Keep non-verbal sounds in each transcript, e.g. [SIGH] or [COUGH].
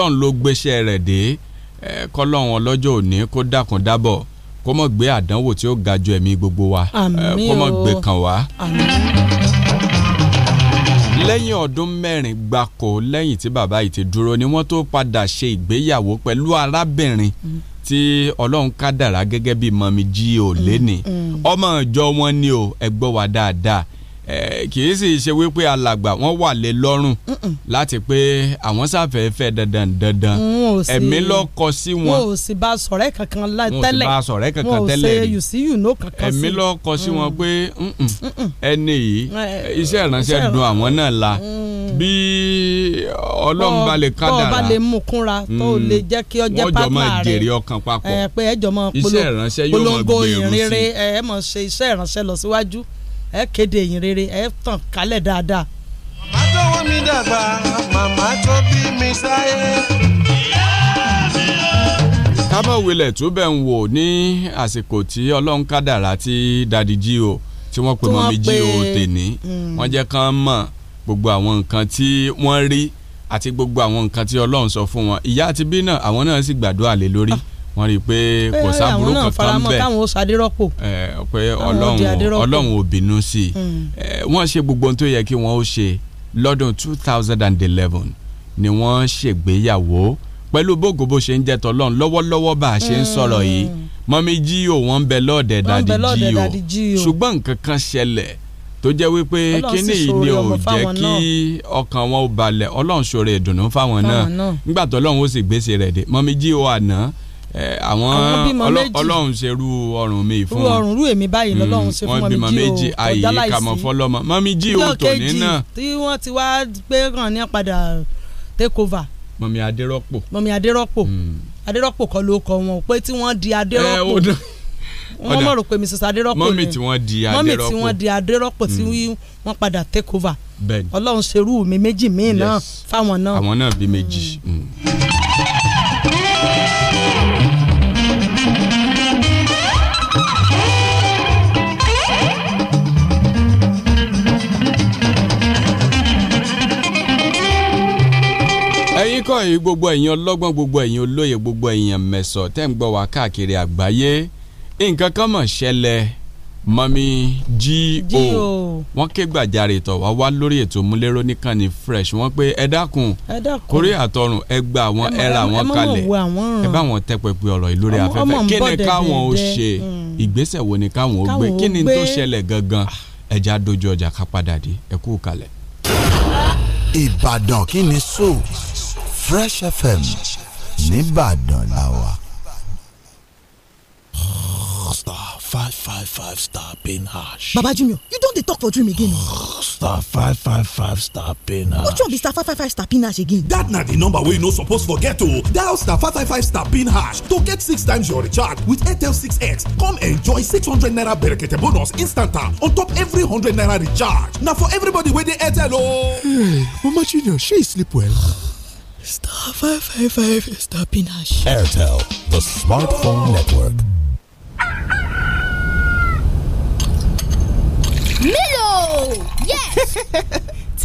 ọlọ́run ló gbéṣẹ́ rẹ̀ dé kọ́lọ́run ọlọ́jọ́ òní kó dákun dábọ̀ kó mọ̀ gbé àdánwò tí ó ga ju ẹ̀mí gbogbo wa kó mọ̀ gbé kàn wá. lẹ́yìn ọdún mẹ́rin gbáko lẹ́yìn tí bàbá yìí ti dúró ni wọ́n tó padà ṣe ìgbéyàwó pẹ̀lú arábìnrin mm. tí ọlọ́run kádàrá gẹ́gẹ́ bíi mọ̀mí jí ò lé mm, mm. ọmọ ìjọ wọn ni o ẹ gbọ́ wa dáadáa kì í sì ṣe wípé alàgbà wọn wà lé lọ́rùn láti pé àwọn sáfẹ́ fẹ́ dandan dandan ẹ̀mí lọ kọ sí wọn. wọn ò sì bá sọ̀rẹ́ kankan tẹ́lẹ̀ wọn ò sì bá sọ̀rẹ́ kankan tẹ́lẹ̀ wọn ò ṣe you see you know kankan sí. ẹ̀mí lọ kọ sí wọn mm. pé ẹni yìí iṣẹ́ ìránṣẹ́ dùn àwọn náà la mm. bí ọlọ́run bá lè kádàrá tó bá lè mú kúnra tó mm. lè jẹ́ kí ọ jẹ́ pátá rẹ̀ wọ́n jọ máa jèrè ọkàn papọ̀ iṣẹ́ ìránṣẹ́ ẹ kéde ìyìn rere ẹ tàn kálẹ̀ dáadáa. màmá tó wọ́n mi dàgbà màmá tó bí mi sáyé. kábọ̀wélẹ̀ tó bẹ̀ ń wò ní àsìkò tí ọlọ́run kádàrá ti dadi jí o tí wọ́n pe mọ́ jí o tèní mm. wọ́n jẹ́ kán mọ̀ gbogbo àwọn nǹkan tí wọ́n rí àti gbogbo àwọn nǹkan tí ọlọ́run sọ fún wọn ìyá àti bí náà àwọn náà sì gbàdúrà lé lórí. Ah wọ́n rí i pé kò eh, sábúrú kankan bẹ́ẹ̀ káwọn oṣù eh, adérọ́pò pé ọlọ́run ọlọ́run ò bínú sí i hmm. eh, wọ́n ṣe gbogbo ohun tó yẹ kí wọ́n ó ṣe lọ́dún two thousand and eleven ni wọ́n ṣègbéyàwó pẹ̀lú bógo bó ṣe ń jẹ́ tọ́lọ́run lọ́wọ́lọ́wọ́ bá a ṣe ń sọ̀rọ̀ yìí hmm. mọ́mí jíò wọ́n ń bẹ lọ́ọ̀dẹ̀ dàdí jíò ṣùgbọ́n nǹkan kan ṣẹlẹ̀ tó jẹ́ wípé kíní yìí ni ò jẹ́ kí ọkàn wọn ó balẹ̀ ọlọ́run ṣoore ìdùnnú fáwọn náà nígbà tọ́lọ́run ó sì gbèsè rẹ̀ dé mọ́mí jíò àná àwọn ọlọ́run ṣe rú ọrùn mi fún wọn ọrùn rú èmi báyìí hmm, lọ́lọ́run ṣe fún mọ́mí jí o ọ̀dálà ìsìn kàmọ́ fọlọ́mọ mọ́mí jí o tòní náà tí wọ́n ti wá gbé hàn ní padà take over. mọ̀mí adérọ́pò. mọ̀mí adérọ́pò hmm. adérọ́pò kọ́ ló kọ wọn pé tí wọ́n di adérọ́pò wọ́n mọ̀ rò pé mrs adérọ́pò ni mọ́mí tí wọ́n di adérọ́pò mọ́mí tí wọ́n di adérọ́pò tí hmm. wọ́n padà take over ọlọ́run ṣerú mi méjì míì náà fáwọn náà. àwọn náà bí méjì. níkọ̀ yìí gbogbo ẹ̀yin ọlọ́gbọ́n gbogbo ẹ̀yin olóye gbogbo ẹ̀yin mẹ̀sọ̀ tẹ́ ń gbọ́ wá káàkiri àgbáyé nǹkan kan mọ̀ ṣẹlẹ̀ mọ́mí G.O. wọ́n ké gbàjarè tọ̀ wá wá lórí ètò múlẹ́rọ́ nìkan ní fresh wọ́n pé ẹ dákun kórè àtọrùn ẹ gba àwọn ẹ ra kalẹ̀ ẹ bá wọn tẹ pẹpẹ ọ̀rọ̀ yìí lórí afẹ́fẹ́ kí ni káwọn ó ṣe hmm. ìgbésẹ̀ wo ni káwọn ó gbé kí ni tó ṣẹlẹ̀ gangan ah. ẹja dojú ọjà ká padà ẹ kú kalẹ̀. Ìbàdàn kí ni so Fresh FM nìbàdàn la wà. star five five five star pin hash. baba junior you don dey talk for dream again. star five five five star pin hash. which one be star five five five star pin hash again. dat na di number wey you no suppose forget o oh. dial star five five five star pin hash to get six times your recharge with airtel 6x come enjoy six hundred naira berekete bonus instant ah on top every hundred naira recharge na for everybody wey dey airtel o. Oh. hey mama junior shey you sleep well. Star 555 is the pinash. Airtel, the smartphone network. Milo! Yes! [LAUGHS]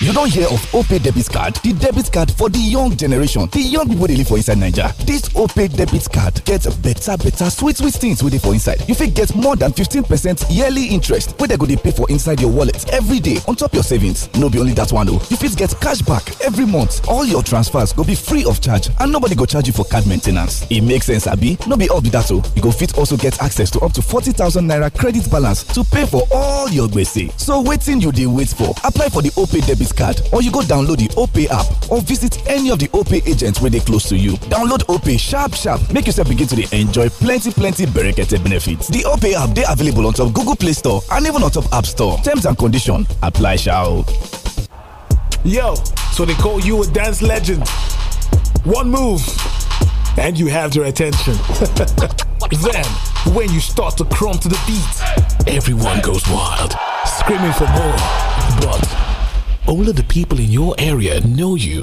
You don't hear of opay debit card? The debit card for the young generation, the young people dey live for inside Naija. This opay debit card gets better better sweet sweet things with it for inside. If it gets more than 15% yearly interest where dem go to pay for inside your wallet every day on top of your savings. No be only that one though. Oh. If it gets cash back every month. All your transfers go be free of charge and nobody go charge you for card maintenance. It makes E make sense abi? No be all be that though. You go fit also get access to up to 40,000 naira credit balance to pay for all your gbese. So waiting, you dey wait for? Apply for the opay debit debit card or you go download the OPay app or visit any of the OPay agents where they close to you. Download OPay sharp sharp make yourself begin to enjoy plenty plenty berekete benefits. The OPay app they available on top Google Play Store and even on top App Store. Terms and conditions apply shall. Yo, so they call you a dance legend. One move and you have their attention. [LAUGHS] then, when you start to crumb to the beat, everyone goes wild, screaming for more. But all of the people in your area know you.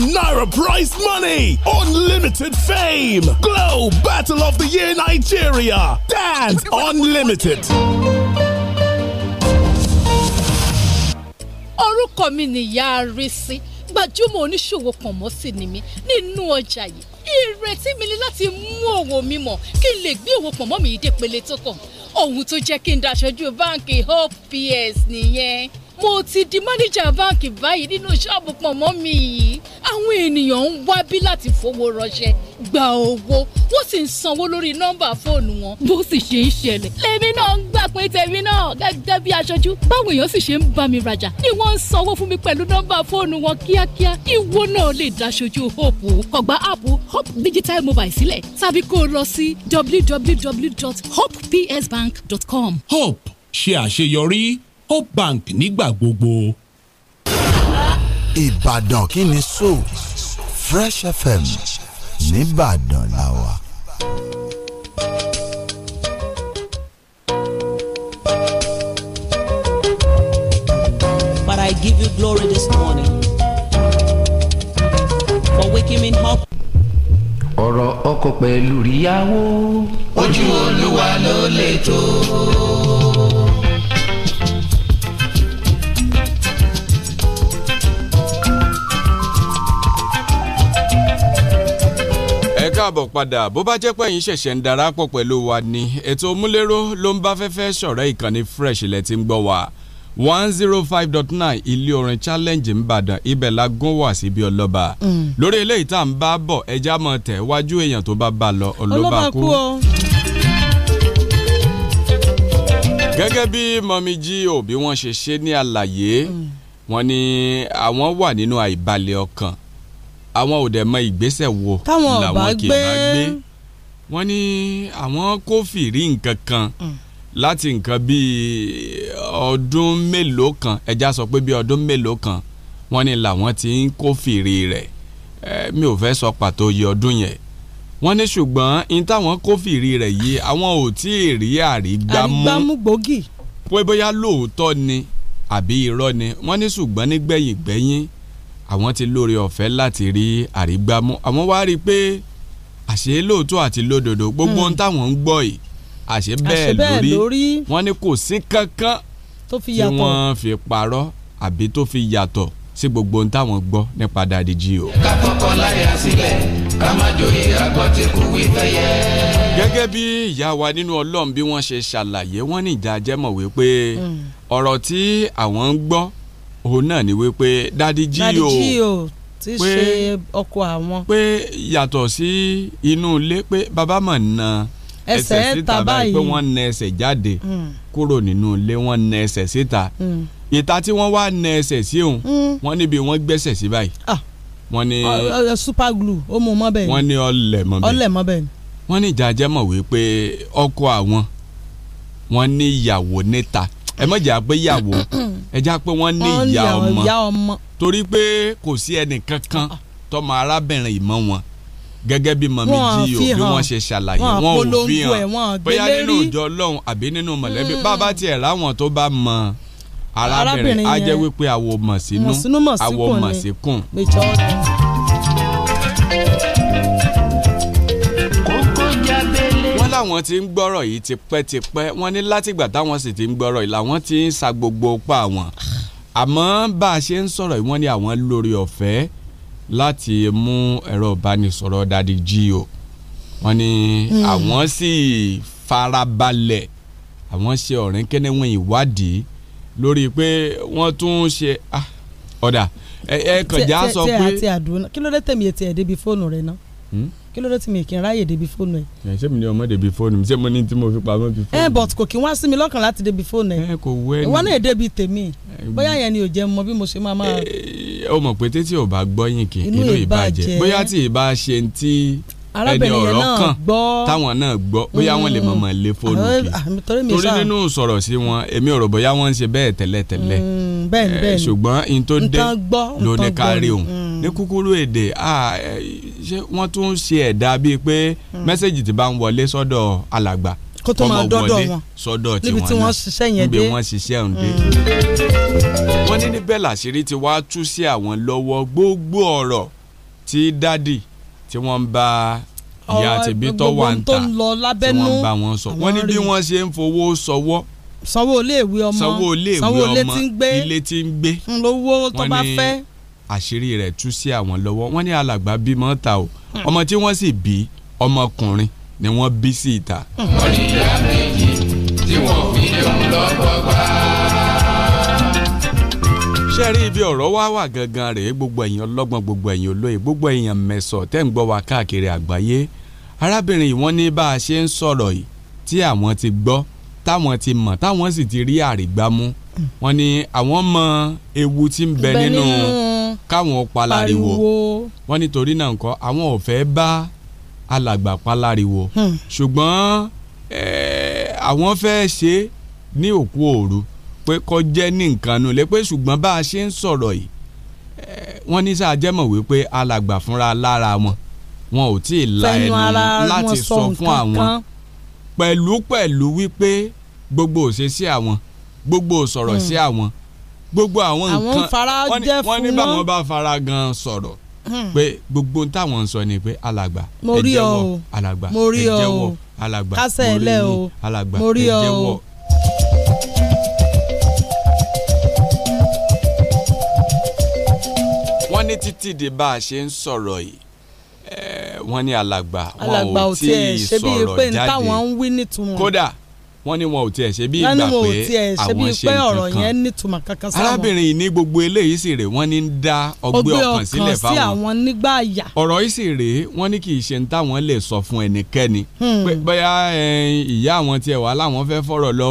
million naira prize money, unlimited fame, Glow Battle of the Year Nigeria, Dance Unlimited. orúkọ mi nìyá arísí gbajúmọ̀ oníṣòwò pọ̀nmọ́ sí ni mí nínú ọjà yìí ìrètí mi ni láti mú òwò mi mọ̀ kí n lè gbé òwò pọ̀nmọ́ mi yìí dé pele tó kàn ohun tó jẹ́ kí n daṣojú báǹkì hope ps nìyẹn mo ti di mánìjà báǹkì báyìí nínú ṣọ́ọ̀bù pọ̀nmọ́ mi yìí àwọn ènìyàn ń wá bí láti fowó rọṣẹ́ gba owó wọ́n sì ń sanwó lórí nọ́mbà fóònù wọn bó sì ṣe ń ṣẹlẹ̀. lèmi náà ń gbà pé tèmi náà gẹ́gẹ́ bí aṣojú báwọn èèyàn sì ṣe ń bá mi rajà ni wọ́n ń sanwó fún mi pẹ̀lú nọ́mbà fóònù wọn kíákíá ìwọ náà lè daṣojú hope kọgbà app hope digital mobile sílẹ̀ tàbí kó o lọ sí www.hopepsbank.com. hope ṣe àṣeyọrí Hope Bank nígbà gbogbo. Ìbàdàn kí ni so Fresh FM nìbàdàn la wà. But I give you glory this morning for waking me up. ọ̀rọ̀ ọkọ pẹ̀lú ìyàwó. ojú olúwa ló lè tó. káàbọ̀ padà bó bá jẹ́ pé ẹ̀yin ṣẹ̀ṣẹ̀ ń darapọ̀ pẹ̀lú wa ni ètò múlẹ́rọ́ ló ń bá fẹ́fẹ́ ṣọ̀rẹ́ ìkànnì fresh ilẹ̀ tí ń gbọ́ wa one zero oh five dot nine ilé orin challenge nìbàdàn ibẹ̀ la gún wá síbi ọlọ́ba mm. lórí eléyìí tá à ń bá bọ̀ ẹja mọ̀ tẹ̀ wájú èèyàn tó bá bá lọ ọlọ́ba kú. gẹ́gẹ́ bí mọ̀mí jí òbí wọn ṣe ṣe ní àlàyé mm. wọn ni àwọn wà nínú àìbalẹ̀ ọkàn àwọn ò dẹ̀ mọ ìgbésẹ̀ wo làwọn kì í bá gbé wọ́n ní àwọn kò nǹkan kan mm. láti nǹkan bíi ọdún mélòó kan ẹja sọ pé bíi ọdún mélòó kan wọ́n ní làwọn ti ń kó fìrí rẹ̀ mi ò fẹ́ sọ pàtó iye ọdún yẹn wọ́n ní ṣùgbọ́n in táwọn kó fìrí rẹ̀ yìí àwọn ò tí ì rí àrígbámú àrígbámú gbòógì àbí irọ́ ni wọ́n ní ṣùgbọ́n nígbẹ̀yìn gbẹ̀yìn àwọn ti lóore ọ̀fẹ́ láti rí àrígbámú àwọn wá rí i pé àṣé lóòótọ́ àti lódodo gbogbo hmm. ohun táwọn ń gbọ́ yìí àṣé bẹ́ẹ̀ lórí wọ́n ní kò sí kankan tí wọ́n fi parọ́ àbí tó fi yàtọ̀ sí gbogbo ohun táwọn gbọ́ nípa Daddy G o. ká kọ́kọ́ láyà sílẹ̀ ká má jòyè àgbọ̀ tí kò wí fẹ́yẹ. gẹ́gẹ́ bí ìyá wa nínú Ọlọ́run bí wọ́n ṣe ṣàlàyé wọ́n ní ìjà jẹ́mọ̀ wípé hmm. ọ̀rọ̀ tí àwọn ń gbọ́ òun náà ni wípé dadi jí o ti ṣe ọkọ àwọn. pé yàtọ̀ sí inú ilé pé bàbá mọ̀ na ẹsẹ̀ síta báyìí pé wọ́n na ẹsẹ̀ jáde hmm. kúrò nínú ilé wọ́n na ẹsẹ̀ síta hmm. ìta tí wọ́n wá na ẹsẹ̀ sí òun hmm. wọ́n níbi wọ́n gbẹ́sẹ̀ sí báyìí. Ah. wọ́n ní super glue ó mú mọ́ bẹ́ẹ̀ ni wọ́n ní ọlẹ̀ mọ́ bẹ́ẹ̀ ọlẹ̀ mọ́ bẹ́ẹ̀ ni. wọ́n ní ìjà jẹ́ mọ̀ wípé ọkọ àwọn wọ́n ní ìyàwó níta ẹ má jà pé yàwó ẹ jà pé wọ́n ní ìyá ọmọ torí pé kò sí ẹnìkankan tọmọ arábìnrin ìmọ̀ wọn gẹ́gẹ́ bí mọ̀mí jí o bí wọ́n ṣe ṣàlàyé wọn ò fi hàn bóyá nínú ìjọ ọlọ́run àbí nínú mọ̀lẹ́bí mm. bàbá tiẹ̀ láwọn tó bá mọ arábìnrin á jẹ́ wípé àwọ̀ mọ̀ sínú àwọ̀ mọ̀ síkùn. láwọn ti ń gbọ́rọ̀ yìí tipẹ́tipẹ́ wọ́n ní látìgbà táwọn sì ti ń gbọ́rọ̀ yìí làwọn ti ń sa gbogbo pa àwọn àmọ́ bá a ṣe ń sọ̀rọ̀ yìí wọ́n ní àwọn lórí ọ̀fẹ́ láti mú ẹ̀rọ ìbánisọ̀rọ̀ dadi jí o wọ́n ní hmm. àwọn sì farabalẹ̀ àwọn ṣe ọ̀rìnkẹ́ni wọn ìwádìí lórí pé wọ́n tún ṣe ah, ọ̀dà ẹ kàn já sọ pé. tí ẹ àti àdúrà kí ló dé tẹ̀mí etí ẹ̀ débi fóònù rẹ̀ náà. Hmm? kí ló dé tí mi kì í ráyè débi fóònù ẹ. ẹ ṣé mi ni ọmọ débi fóònù mi ṣé mo ní tí mo fi pamọ́ bí fóònù. ẹ but kò kí wá sí mi lọ́kàn láti débi fóònù ẹ. ẹ kò wẹ́ ni ìwọ náà débi tèmi bóyá yẹn ni ò jẹ́ mọ bí mo ṣe máa máa. ó mọ̀ pé tètè ò bá gbọ́yìn kì inú ìbàjẹ́ bóyá tí ì bá ṣe ti arábìnrin yẹn náà gbọ́ táwọn náà gbọ́ bóyá wọ́n lè mọ̀mọ́ lé fóònù mm. kí ah, torí nínú sọ̀rọ̀ sí wọn èmi ò rò bóyá wọ́n ń ṣe bẹ́ẹ̀ tẹ́lẹ̀ tẹ́lẹ̀ mm, eh, ṣùgbọ́n n tó dé ló ní kárí òun mm. ní kúkúrú èdè ah, ṣé wọ́n tún ṣe ẹ̀dá bíi pé mẹ́sẹ̀gì ti bá ń wọlé sọ́dọ̀ alàgbà kó tó máa dọ́dọ̀ wọn sọ́dọ̀ tiwọn náà níbi tí wọ́n ṣiṣẹ́ yẹn dé níbi wọ́n ṣiṣẹ́ ọ̀hún dé. wọ́n ní níbẹ̀ làṣírí ti wá tú sí àwọn lọ́wọ́ gbogbo ọ̀rọ̀ tí dádì tí wọ́n ń bá ìyá àtẹ̀bí tó wà ń ta tí wọ́n ń bá wọn sọ wọ́n ní bí wọ́n ṣe ń fowó sọwọ́ sanwó iléèwé ọmọ sanwó iléèwé ọmọ ilé tí ń gbé lówó tó bá fẹ́ àṣírí rẹ̀ tú sí àwọn lọ́wọ́ wọ́n ní alàgbà bímọ ta o hmm. ọmọ tí wọ́n sì bí ọmọkùnrin ni wọ́n bí sí ìta. wọ́n ìyá méjì tí wọ́n fi lè mú lọ́gbọ̀gbà ṣe rí ibi ọ̀rọ̀ wá wà gangan rèé gbogbo èèyàn ọlọ́gbọ́n gbogbo èèyàn olóye gbogbo èèyàn mẹ̀sọ̀ tẹ́ ń gbọ́ wa káàkiri àgbáyé arábìnrin yìí wọ́n ní bá a ṣe ń sọ̀rọ̀ yìí tí àwọn ti gbọ́ táwọn ti mọ̀ táwọn sì ti rí àrígbámú hmm. wọ́n ní àwọn mọ ewu tí ń bẹ nínú káwọn palariwo wọ́n nítorí náà nǹkan àwọn ò fẹ́ bá alàgbà palariwo hmm. ṣùgbọ́n àwọn fẹ́ ṣe ní òkú òru pé kọjẹ́ ní nǹkan nu lé pé ṣùgbọ́n bá a ṣe ń sọ̀rọ̀ yìí wọ́n ní sáà jẹ́mọ̀ wípé alàgbà fúnra lára wọn wọn ò tí ì la ẹnu láti sọ fún àwọn pẹ̀lú pẹ̀lú wípé gbogbo òṣè sí àwọn gbogbo òsọ̀rọ̀ sí hmm. àwọn gbogbo àwọn nǹkan wọ́n ní báwọn bá fara gan sọ̀rọ̀ hmm. pé gbogbo táwọn ń sọ ni pé alàgbà ẹ jẹ́wọ́ alàgbà ẹ jẹ́wọ́ alàgbà mo rí yín alàgbà ẹ jẹ́wọ́ wọ́n ní títí di bá a ṣe ń sọ̀rọ̀ yìí eh, wọ́n ní alàgbà wọn ò tí ì sọ̀rọ̀ jáde kódà wọ́n ní wọn ò tiẹ̀ ṣe bí ìgbà pé àwọn ṣe nǹkan kan arábìnrin yìí ní gbogbo eléyìí sì rè wọ́n ní ń dá ọgbẹ́ ọkàn sílẹ̀ fáwọn ọ̀rọ̀ yìí sì rè wọ́n ní kì í ṣe ń táwọn lè sọ fún ẹnikẹ́ni hmm. bóyá eh, ìyá àwọn tiẹ̀ wà láwọn fẹ́ fọ̀rọ̀ lọ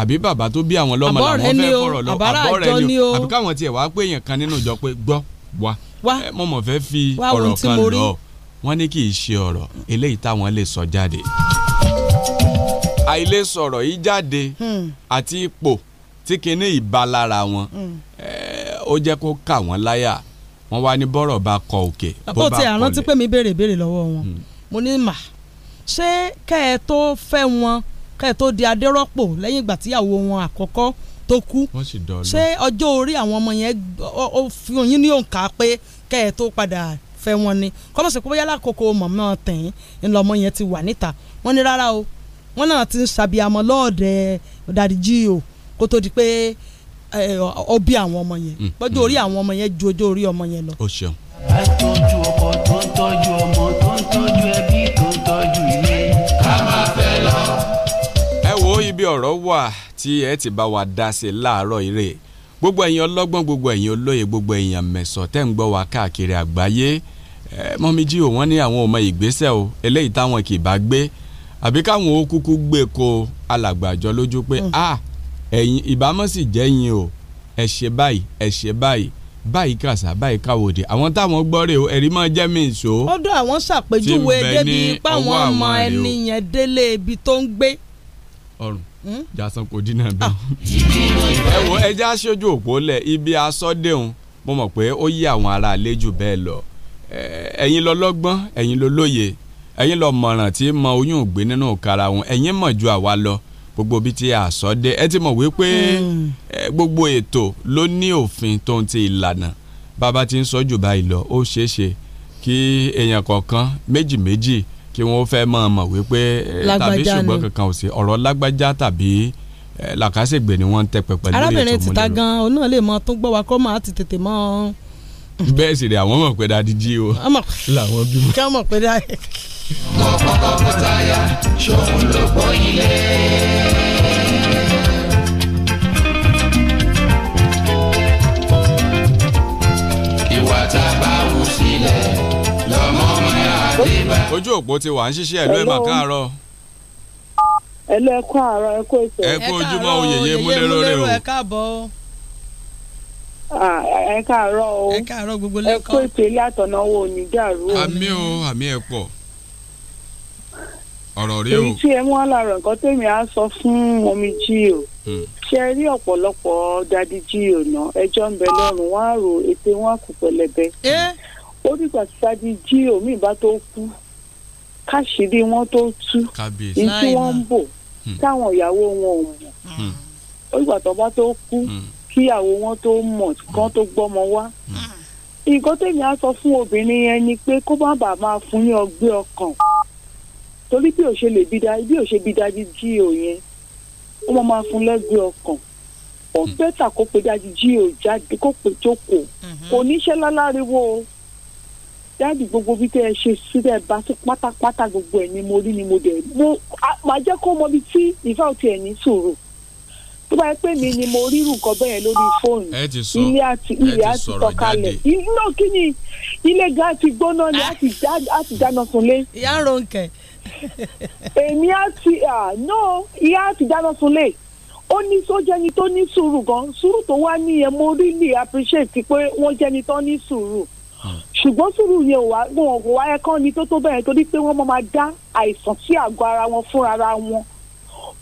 àbí bàbá tó bí àwọn lọ́mọ làwọn fẹ́ fọ̀rọ̀ lọ àbọ̀rẹ̀ ni o àbí káwọn tiẹ̀ wá pé èèyàn kan nínú ìjọ pé gbọ́ wá wá mo mọ̀ fẹ́ fi ọ̀rọ̀ kan lọ wọ́n ní kì í ṣe ọ̀rọ̀ eléyìí táwọn lè sọ jáde àìlè sọ̀rọ̀ yìí jáde hmm. àti ipò tí kinní ìbalára wọn hmm. ó jẹ́ kó kà wọ́n láyà wọ́n wá ní bọ́rọ̀ bá kọ òkè bó bá kọlẹ̀. àpò tí àrántí pé mi béèrè béèrè lọ́wọ́ wọn hmm. mo ní mà ṣé kẹ́ ẹ tó fẹ́ wọn kẹ́ ẹ tó di adérọ́pò lẹ́yìn ìgbà tíyàwó wọn àkọ́kọ́ tó kú ṣé ọjọ́ orí àwọn ọmọ yẹn ó fi yín ní òǹkà pé kẹ́ ẹ̀ tó padà fẹ́ wọn ni kọ́mọ̀sí pé bóyá lákòókò mọ̀mọ́ tẹ̀yìn ńlọmọ yẹn ti wà níta wọ́n ní rárá o wọ́n náà ti ń ṣàbíamọ lọ́ọ̀dẹ̀ dàdí jí o kó tó di pé ó bí àwọn ọmọ yẹn gbọ́dọ̀ mm, orí mm. àwọn ọmọ yẹn ju ọjọ́ orí ọmọ yẹn lọ. o ṣeun. àtọ́jú ọkọ tó ń tọ́jú ọmọ tó ń tọ́jú ẹbí tó ń tọ́jú ilé ká máa fẹ́ lọ. ẹ wo ibi ọ̀rọ̀ wà tí ẹ ti bá wa dá sí láàárọ̀ ire gbogbo ẹ̀yin ọlọ́gbọ́n gbogbo ẹ̀yin olóye gbogbo ẹ̀yin mẹ̀sọ̀ tẹ́ ń gbọ́ wa káàkiri àgbáyé mọ́míjí ò wọ́n ní àwọn ọmọ ìgbésẹ̀ o eléyìí táwọn kì í bá gbé àbí káwọn ó kúkú gbé ko alàgbàjọ lójú pé mm. a ah, ẹ̀yin ìbámọ́ sì jẹ́ yín o ẹ ṣe báyìí ẹ ṣe báyìí báyìí kàṣà báyìí káwòdì àwọn táwọn gbọ́ rè o ẹ̀rí máa jẹ́ mi ìṣó. ọ̀dọ̀ àwọn ṣàpèjúwe débi páwọn ọmọ ẹni yẹn délé ibi tó ń gbé. ọrùn Hmm? jason kò dínà bẹ́ẹ̀. Ah. ẹ wo ẹjẹ́ aṣojú òpó lẹ̀ ibi asọ́dẹ̀hún mo mọ̀ pé ó yí àwọn ará àlejò bẹ́ẹ̀ lọ ẹ̀yin lọ lọ́gbọ́n ẹ̀yin lọ lóye ẹ̀yin lọ mọ̀ràn tí mọ oyún ògbé nínú kara wọn ẹ̀yin mọ̀ ju àwa lọ gbogbo bíi ti àsọdẹ ẹ ti mọ̀ wípé hmm. gbogbo ètò ló ní òfin tó ń ti ìlànà bàbá ti ń sọ jù báyìí lọ ó ṣeé kí èèyàn kọ̀ọ̀kan méjì méjì kí wọ́n fẹ́ mọ̀ mọ̀ wípé tàbí ṣùgbọ́n kankan ò sí ọ̀rọ̀ lágbájá tàbí làkàṣègbè ni wọ́n ń tẹ pẹpẹ lórí ètò múlẹ̀ arábìnrin ti ta gan òun náà lè mọ tó gbọ́ wa kó máa ti tètè mọ́ bẹ́ẹ̀ sì rẹ̀ àwọn mọ̀ pé dáadé jí o làwọn bímọ. kí wọ́n mọ̀ pé dáadé. kọ́kọ́kọ́ kó táyà ṣòun ló gbọ́ ilé. ìwà tá a bá ojú òpó ti wà ń ṣiṣẹ́ ẹ̀lú ẹ̀mà káàárọ̀. ẹ̀lú ẹ̀kú àárọ̀ ẹ̀kú ètò. ẹ̀kú ojúmọ́ oyèyé múlẹ́rọ̀rẹ́ o. ẹ káàbọ̀ o. ẹ káàárọ̀ o. ẹ káàárọ̀ gbogbo lẹ́kọ̀ọ́. ẹ̀kú ètò ilé àtọ̀nàwó òní dàrú. àmì o àmì ẹ̀ pọ̀ ọ̀rọ̀ rí o. èyí tí ẹ mú alára nǹkan tèmi á sọ fún omi jí o. Hmm. ṣé ẹ rí ọ̀pọ̀lọpọ̀ dadi jí o náà ẹjọ́ ń bẹ lọ́rùn wọ́n á rò ètè wọn kù pẹlẹbẹ ó dìgbà tí sáájú jí omi ìbá tó kú káṣírí wọn tó tú ní tí wọn ń bò hmm. táwọn ìyàwó wọn ò mọ̀ hmm. ó dìgbà tó bá tó kú hmm. kíyàwó wọn tó mọ̀ kán tó gbọ́mọ wá nǹkan tèmi á sọ fún obìnrin yẹn ni pé kó má bàa máa fún ní ọgbẹ́ ọkàn torí bí ò ṣe lè bí dájú bí ò ṣe bí dájú jí ò yẹn ó máa máa fún lẹ́gbẹ́ ọkàn ó bẹ́tà kó pe dájú jí ò jáde kó pe jókòó kò níṣẹ́ láláriwo o dáàbì gbogbo bí tẹ́ ẹ ṣe síbẹ̀ bá tó pátápátá gbogbo ẹ̀ ni mo rí ni mo dẹ̀ mo máa jẹ́ kó mọ bí tí ìfẹ́ òtí ẹ̀ ní sòrò tó bá yẹ pé mi ni mo rí nǹkan bẹ́ẹ̀ lórí fóònù ilé àti ilé àti tọ́kalẹ̀ iná kí ni ilé ga ti gbóná ni a ti dáná sunlé. ìyá Rónkẹ́. èmi á no ìyá ti dáná sunlé ó ní sójẹ́ni tó ní sùúrù gan sùúrù tó wá nìyẹn mo rí lè appreciate pé wọ́n jẹ́ni tó ní sùúrù ṣùgbọ́n sùúrù yẹn ò wá wọn kò wá ẹ̀kan ni tó tó bẹ́ẹ̀ torí pé wọ́n máa dá àìsàn sí àgọ́ ara wọn fúnra wọn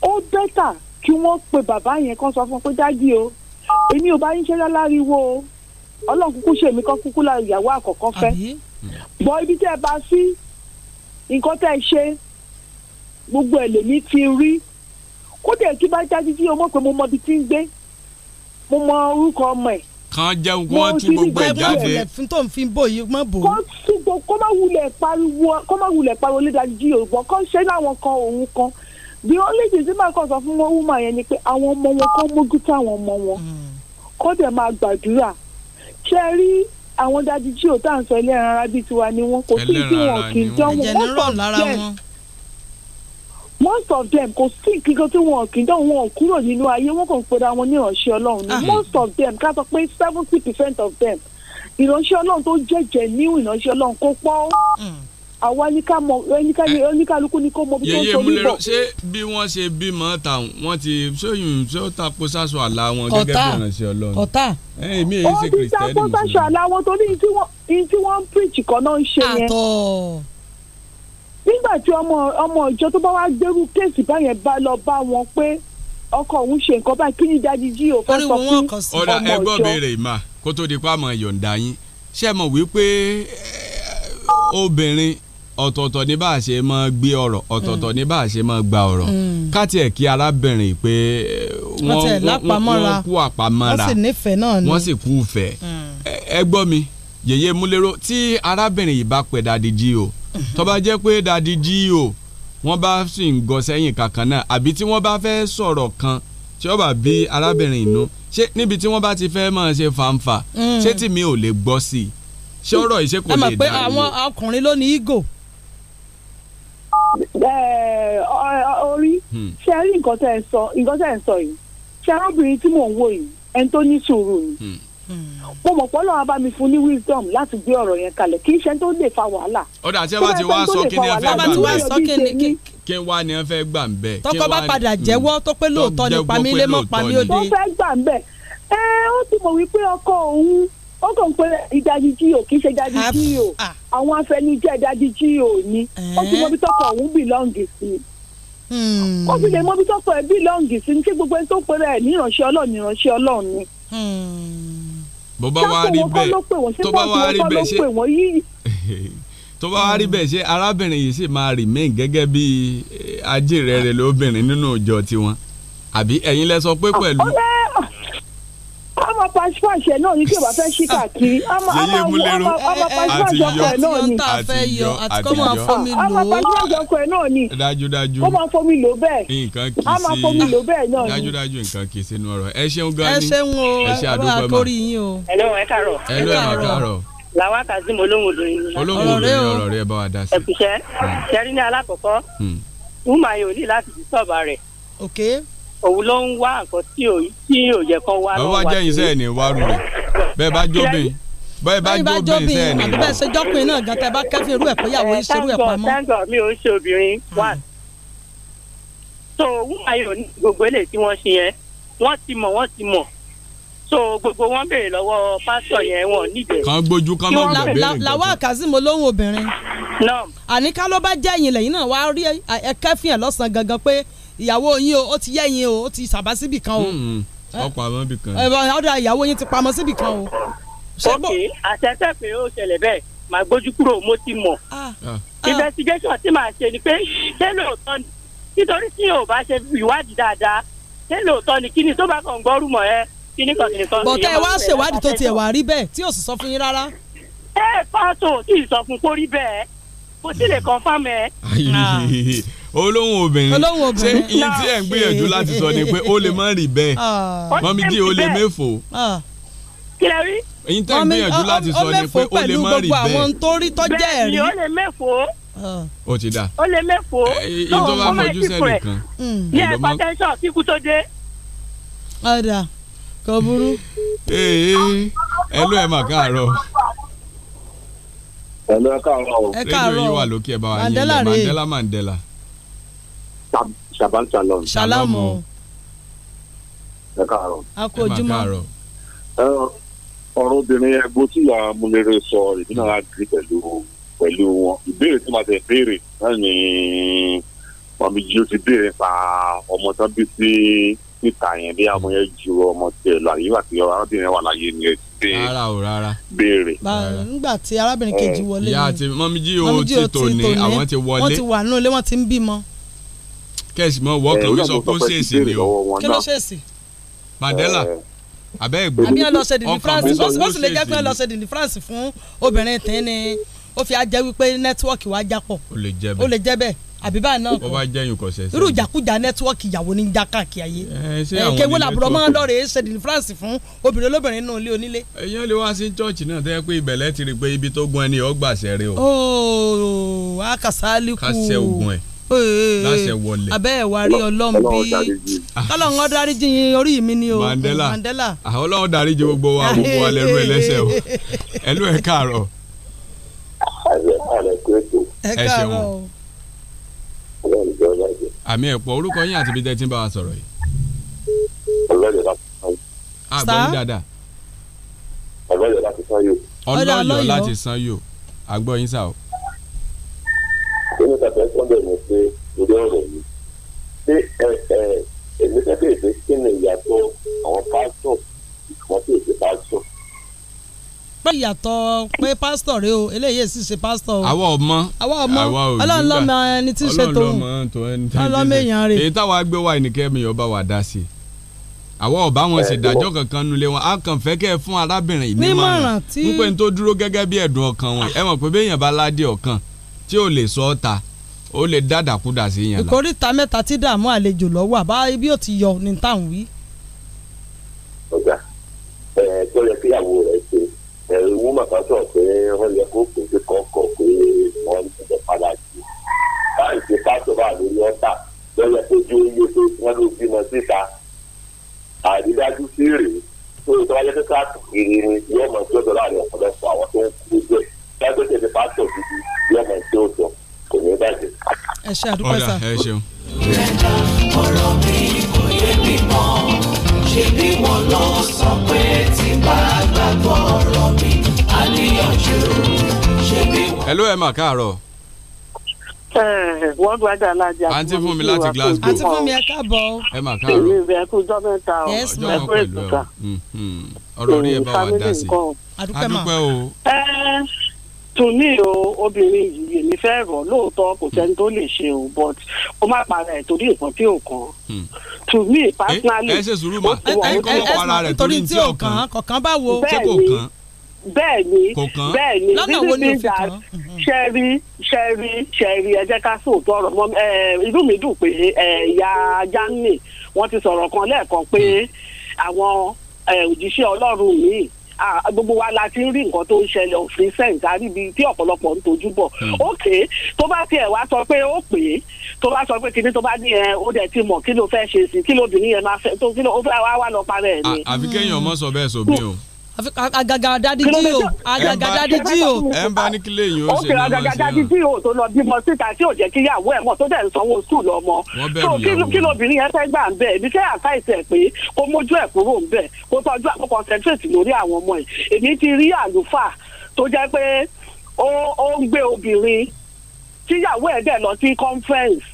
ó bẹ́tà kí wọ́n pe bàbá yẹn kan sọ fún pé dájú o èmi ò bá ń ṣẹ́yà láriwo o ọlọ́run kúkú ṣèmi kan kúkú lára ìyàwó àkọ́kọ́ fẹ́ bọ́ ibi tẹ́ ẹ bá sí nǹkan tẹ́ ẹ ṣe gbogbo ẹ̀ lèmi ti rí kódà kí bá jáde tí o mọ̀ pé mo mọ ibi tí ń gbé mo mọ orúkọ ọmọ ẹ̀ kan jẹun kí wọ́n tú gbogbo ẹ̀ jáde. tó ń fi kó má wulẹ̀ pariwo kó má wulẹ̀ pariwo lédàjú jí òògùn kan ṣe láwọn kan òun kan bí wọ́n lè jẹ́ sí máa kàn sọ fún yẹn ni pé àwọn ọmọ wọn kọ́ mójútó àwọn ọmọ wọn hmm. kó dẹ̀ máa gbàdúrà ṣe rí àwọn dájú jí òòtà ń sọ ẹlẹ́ran ara tiwa ni wọ́n kò sí ìdíwọ̀n kì í jọ́ wọn wọ́n kàn most of them kò sí nǹkan tí wọn kì í dán wọn kúrò nínú ayé wọn kàn ń pera wọn ní ìránṣẹ́ Ọlọ́run ni ah. most of them ká sọ pé seventy percent of them ìránṣẹ́ Ọlọ́run tó jẹjẹ ní ìránṣẹ́ Ọlọ́run hmm. eh. kó pọ̀ àwa oníkálukú ni kò mọ bí tó ń torí bọ̀. ṣé bí wọ́n ṣe bímọ ta wọ́n ti sóyún tí ó tapo sáṣọ àlá wọn gẹ́gẹ́ bí ìránṣẹ́ Ọlọ́run. ọ̀tá eh, èmi èyí ṣe kìrìsìtẹ́nì mùsùlùmí. ó ti tapo sáṣọ àlá wọn torí ní tí wọ́n ń píríjì kan náà ń ṣe yẹn. àtọ̀ nígbà tí ọmọ ọmọ ìjọ tó bá wá gbẹrú kéèsì báyẹn bá lọ bá wọn pé ọkọ òun ṣe nǹkan báyìí kí ni dájú jí ò fẹ́ sọ fún ọmọ ìjọ. ọ̀rọ̀ ẹgbọ́n béèrè ìmà kó tó di pa àmọ̀ yọ̀ǹda yín ṣé ẹ mọ̀ wípé eh, obìnrin ọ̀tọ̀ọ̀tọ̀ ní bá a ṣe máa gbé ọ̀rọ̀ ọ̀tọ̀ọ̀tọ̀ mm. ní bá a ṣe máa gba ọ̀rọ̀ mm. káti ẹ̀ kí arábìnrin pé eh, wọ́n kú àpamọ́ra wọ́n sì nífẹ̀ẹ́ náà ni wọ́n sì kú ìfẹ́ mm. ẹ gbọ́ mi yèyé múlẹ́rọ́ tí arábìnrin yìí bá pẹ̀dá díjí o tó bá jẹ́ pé dadi gio wọ́n bá sì ń gọ sẹ́yìn kankan náà àbí tí wọ́n bá fẹ́ sọ̀rọ̀ kan tí ó bá bí arábìnrin inú ṣé níbi tí wọ́n bá ti fẹ́ máa ṣe fanfa mm. ṣé tí mi ò lè gbọ́ sí i ṣé ọ̀rọ̀ yìí ṣé kò lè dàrú. ẹ mọ̀ pé àwọn ọkùnrin ló ní ego. Eh, orí hmm. ṣe rí nǹkan tẹ́ ẹ sọ nǹkan tẹ́ ẹ sọ yìí ṣe arábìnrin tí mò ń wò yìí ẹni tó ní sùúrù ni hmm mo mọ̀ pọ́ lọ́wọ́ bá mi fún ní wisdom láti gbé ọ̀rọ̀ yẹn kalẹ̀ kì í ṣe tó lè fa wàhálà. ọ̀dà tí a bá ti wá sọ kí ni ẹ fẹ́ gbà ń kí n wá ni ẹ fẹ́ gbà ń tọkọ bá padà hmm. jẹ́wọ́ tó pé lóòótọ́ ni pami lé mọ́ pami òde. ó fẹ́ gbà ń ẹ ó ti mọ̀ wípé ọkọ òun ó kàn pé ìdajì tí kì í ṣe ìdajì tí àwọn afẹnijẹ ìdajì tí ní ó ti mọ̀ bí tọkọ òun bìlọ́ǹgì sí hmm. ó fi lè mọ̀ bí tọkọ ẹ bìlọ́ǹgì sí ní kí gbogbo ẹni tó pèrè ẹ ní ìránṣẹ́ Ọlọ́run ìránṣẹ́ Ọlọ́run bó bá wá rí bẹ́ẹ̀ [LAUGHS] tó bá wá rí bẹ́ẹ̀ ṣe tó bá wá rí bẹ́ẹ̀ ṣe arábìnrin yìí sì máa remain gẹ́gẹ́ bí eh, ajínrere lóbìnrin nínú ìjọ tiwọn àbí ẹ̀yin lẹ sọ pé ah, pẹ̀lú máa pa ṣípàṣẹ náà ní kí o bá fẹ́ ṣí káàkiri a máa pa ṣípàṣẹ ọkọ ẹ̀ náà ni a máa pa ṣípàṣẹ ọkọ ẹ̀ náà ni dájúdájú ó máa fomi lò bẹ́ẹ̀ a máa fomi lò bẹ́ẹ̀ náà ni dájúdájú nǹkan kì í sínú ọ̀rọ̀ ẹ ṣeun gan ni ẹ ṣeun o ẹ ṣe àdúgbò ẹ ma ẹ lọ́wọ́ ẹ kàrọ̀ ẹ lọ́wọ́ làwa kazeem olóhùn olóyin ni. olóhùn olóyin ọ̀rọ̀ rẹ bá wa dá sí. ẹ̀kúṣẹ́ hmm. ṣẹ́rí ní alákọ̀ọ́kọ́ hmm. wúmà yóò ní láti disturb rẹ̀ òun ló ń wá nǹkan tí ò tí ò yẹ kó wá. bàbá jẹ́ yín sẹ́yìn ní wárú rẹ̀ bẹ́ẹ̀ bá jóbin bẹ́ẹ̀ bá jóbin sẹ́yìn ní. àbí bẹ́ẹ̀ ṣe jọ́pin náà gan tẹ́ bá kẹ́fìn irú ẹ̀ pé ìyàwó yín ṣerú ẹ̀ pamọ́. táǹgọ̀ mi ò ń ṣe obìnrin one. Hmm. so wọ́n ayò ní gbogbo èlé tí wọ́n ṣe yẹn wọ́n ti mọ̀ wọ́n ti mọ̀ so gbogbo wọn béèrè lọ́wọ́ pásítọ̀ yẹn wọn níbẹ̀. kàn gbójú kán mọ̀ bẹ̀rẹ̀ nǹkan. làwọn àkàzìmọ lóhùn obìnrin. àní ká ló bá jẹ́ ìyìnlẹ̀ yìí náà wá rí ẹ̀kẹ́fìn ẹ̀ lọ́sàn-án gangan pé ìyàwó yín o ó ti yẹ́ yín o ó ti sàbá síbì kan o. ọ̀pọ̀ àmọ́ bì kan. ọ̀dà ìyàwó yín ti pamọ́ síbì kan o. ok àtẹ̀tẹ̀ pé ó ṣẹlẹ̀ bẹ́ẹ̀ màá gbójú kúrò mo ti mọ̀. Ah, ah. investigation tí màá ṣe ni pé ṣé lóòótọ́ ni nítorí tí yóò bá ṣe ìwádìí dáadáa ṣé lóòótọ́ ni kíni tó bá kàn gbọ́ rúmọ̀ ẹ kíní kan kìnìkan nìyẹn. bọ̀tẹ́ ẹ wá ṣèwádìí tó tiẹ̀ wá rí bẹ́ẹ̀ tí yóò sì sọ fún yín rárá. ẹ fáṣọ tí ì sọ fún kórí bẹ́ẹ̀ mo sì lè confirm ẹ olóhùn obìnrin olóhùn obìnrin ṣé iye tí ẹ̀ ń gbìyànjú láti sọ ni pé ó lè má rí bẹ́ẹ̀ ah. mọ́mí jí ah. ó lè méfò. kí lẹ rí. èyí tẹ́ ń gbìyànjú láti sọ ni pé ó lè má rí bẹ́ẹ̀. ó méfò pẹ̀lú gbogbo bẹ́ẹ̀ ni ó lè méfò. ó ti dà. ó lè méfò. èyí fojú sẹ́lẹ̀ kan. yẹ ẹ pàtẹ́ńsọ̀ kíkú tó dé. ọ̀dà kò burú. Eh, eh, ẹ ẹ mà káàárọ̀ ẹ̀lú ẹ̀ka ọ̀rọ̀ o. ẹ̀ka rédíò yìí wà lókè ẹ̀ bá wa yín Mandela Mandela shaban shalom. salamu. ẹ káàárọ̀. a kò jùmọ̀. ọ̀rọ̀ obìnrin ẹgbó tí ìyá múlẹ̀rẹ̀ sọ èmi náà á dì pẹ̀lú pẹ̀lú wọn ìbéèrè tí màá tẹ̀ béèrè náà ni mọ̀mí jí ó ti béèrè pa ọmọ tán bí sí níta yẹn bí àwọn yẹn ju ọmọ tẹ lọ àyè wà tí arábìnrin wà láyé ni ẹ ti dé rárá o rárá béèrè. nígbà tí arábìnrin kejì wọlé ni mọ̀mí jí ó ti tò ní àwọn ti wọlé wọ́n ti wà nínú ilé wọ́n ti ń bímọ kẹ́sì mọ́ wọ́ọ̀kì eh, lórí sọ pé ó ṣèèṣì ni o kí ló ṣèèṣì. Mandela eh, abẹ́ ìgbò àbí ọlọ́sẹ̀ dì ní France ó sì lè jẹ́ pé ọlọ́sẹ̀ dì ní France fún obìnrin tí ni ó fi ajẹ́ wípé nẹ́tíwọ́ọ̀kì wa jápọ̀ ó lè jẹ́ bẹ́ẹ̀ àbí báyìí náà kọ́ irú ìjàkújà nẹ́tíwọ́ọ̀kì ìyàwó ní já káàkiri ayé ẹ̀ẹ́dẹ́gbẹ́ wo làbúrò máa ń lọ rèé ṣe dìlì France fún obìnrin olóbìnrin náà ilé onílé. èèyàn lè wá sí chọ́ọ̀chì náà tẹ́ pé ibẹ̀lẹ́ ti rí i pé ibi tó gun ẹni ọgbà ṣẹ̀rẹ̀ o. ooo akasaliku kásẹ̀ ogun ẹ̀ láṣẹ wọlé. abẹ́ ẹ̀ wá rí ọlọ́run bí ọlọ́run ọ̀dáríjì yín orí mi ni o Mandela Mandela ah, ọlọ́run ọ̀dáríjì gbogbo wa gbogbo wa lẹ́rú ẹ̀ lẹ́sẹ̀ o ẹ̀lú [LAUGHS] ẹ̀ káàárọ̀. ẹ káàárọ̀ o. àmì ẹ̀pọ̀ orúkọ yín àti ibi tẹ́ ti ń bá wa sọ̀rọ̀ yìí. àgbọ̀yìn ah, dáadáa. ọlọ́yọ̀ láti san yóò. ọlọ́yọ̀ láti san yóò àgbọ̀yìn sáà o fẹ́ sọ́dọ̀ ni pé lórí ọ̀rọ̀ yìí ṣé èmi fẹ́ bèèrè kí ni ìyàtọ̀ àwọn pásítọ̀ ìkànnì tó ṣe pásítọ̀. pé ìyàtọ̀ pé pásítọ̀ rèé o eléyìí sì ṣe pásítọ̀ o. àwa ọmọ àwa ọmọ ọlọ́run lọ́mọ ẹni tí ń ṣe tòun ọlọ́run lọ́mọ èèyàn rẹ̀. èyí táwa gbé wa ẹnìkẹ́ mi ọba wa dá sí i àwọn ọba wọn sì dájọ́ kankan nulẹ̀ wọn a kàn fẹ́ kẹ́ ẹ fún arábìnrin yìí nímọ̀ràn ń pè ń tó dúró gẹ́gẹ́ bí ẹ̀dùn ọkàn wọn ẹ mọ̀ pé béèyàn bá ládé ọkàn tí ò lè sọ ọ́ ta ó lè dàdàkúdà sí yẹn la. ìkórìtà mẹ́ta tí dààmú àlejò lọ́wọ́ àbá ibi ò ti yọ ní táwọn wí. ọjà ẹ tó yẹ kíyàwó rẹ ṣe ẹ wọ́n máa bá sọ̀rọ̀ pé wọ́n yẹ kó kò sí kọ́kọ́ pé wọ́n ti bẹ̀ padà jù báyìí ṣe pásọ̀ bá lórí ọ̀tà lọ́yẹ tó ju iye tó wọ́n ló bímọ síta àrídájú sí rèé tó o tọ́wájẹ́ tó káàkiri ni yóò mọ̀ tí ó láàrin ọ̀pọ̀lọpọ̀ àwọn tó ń kú jẹ́ lágbẹ́sẹ̀ kò ní bàjẹ́. ẹ ṣe àdúgbò sá. ọ̀dà ẹ ṣeun. jẹjẹ ọ̀rọ̀ mi kò yé mi mọ́ ṣé bí wọ́n lọ sọ pé tí bá gbàgbọ́ ọ̀rọ̀ mi á níyànjú ṣé bí wọ́n. hello ẹ mà káàárọ̀ wọ́n gbàdá alájà. àǹtí fún mi láti Glasgow. àǹtí fún mi ẹ káàbọ̀. ẹ mà káàárọ̀. èmi ìbẹ̀ kú ọjọ́ mẹ́ta o. ọjọ́ mọ̀ pẹ̀lú ẹ o. Hmm, hmm. ọ̀rọ̀ orí ẹ bá wa dá sí. àdúpẹ́ o tún ní o obìnrin yìí èmi fẹ́ rọ̀ lóòótọ́ kò sẹ́ni tó lè ṣe o but ó má para ẹ̀ torí nǹkan tí ò kàn hmm. to me eh, personally ẹ ṣe sùúrù mà ẹ ẹ ẹ para rẹ̀ torí tí ò kàn kọ̀kan bá wo ṣé kò kàn bẹ́ẹ̀ ni bẹ́ẹ̀ ni lọ́nà wo ni o fi kàn hmm. ṣẹ́rí ṣẹ́rí ṣẹ́rí ẹ jẹ́ ká sóòótọ́ ọ̀rọ̀ mọ́ inú mi dùn pé ìyá Germany wọ́n ti sọ̀rọ̀ kan lẹ́ẹ̀kan pé hmm. àwọn òjíṣẹ́ Ọlọ́run míì gbogbo wa la ti ń rí nǹkan tó ń ṣẹlẹ̀ òfin sense àríbi tí ọ̀pọ̀lọpọ̀ ń tojú bọ̀ hmm. ok tó bá tiẹ̀ wá sọ pé ó pè é tó bá sọ pé kinní tó bá ní ẹ ó dẹ̀ ti mọ̀ kí ló fẹ́ ṣe sí kí lóbìnrin yẹn máa fẹ́ tó kí ló fẹ́ wá wá lọ parẹ́ ẹ̀ ni. àfi kéèyàn sọ bẹ́ẹ̀ sọ bí o. Hmm àgàgà dadi jí o àgàgà dadi jí o. ẹ ń bá ní kílé yìí ó ṣe náà ṣe náà. ó kì àgàgà dadi jí o tó lọ bímọ síta tí ò jẹ́ kí ìyàwó ẹ̀ mọ̀ tó dẹ̀ ń sanwó sùn lọ́mọ. tó kí lóbìnrin yẹn fẹ́ gbà ń bẹ̀ èmi fẹ́ àkáìsì ẹ̀ pé kó mójú ẹ̀ kúrò ń bẹ̀ kó tọ́jú àpò concentrate lórí àwọn ọmọ ẹ̀ èmi ti rí àlùfáà tó jẹ́ pé ó ń gbé obìnrin tíyàwó ẹ̀ dẹ̀ lọ sí conference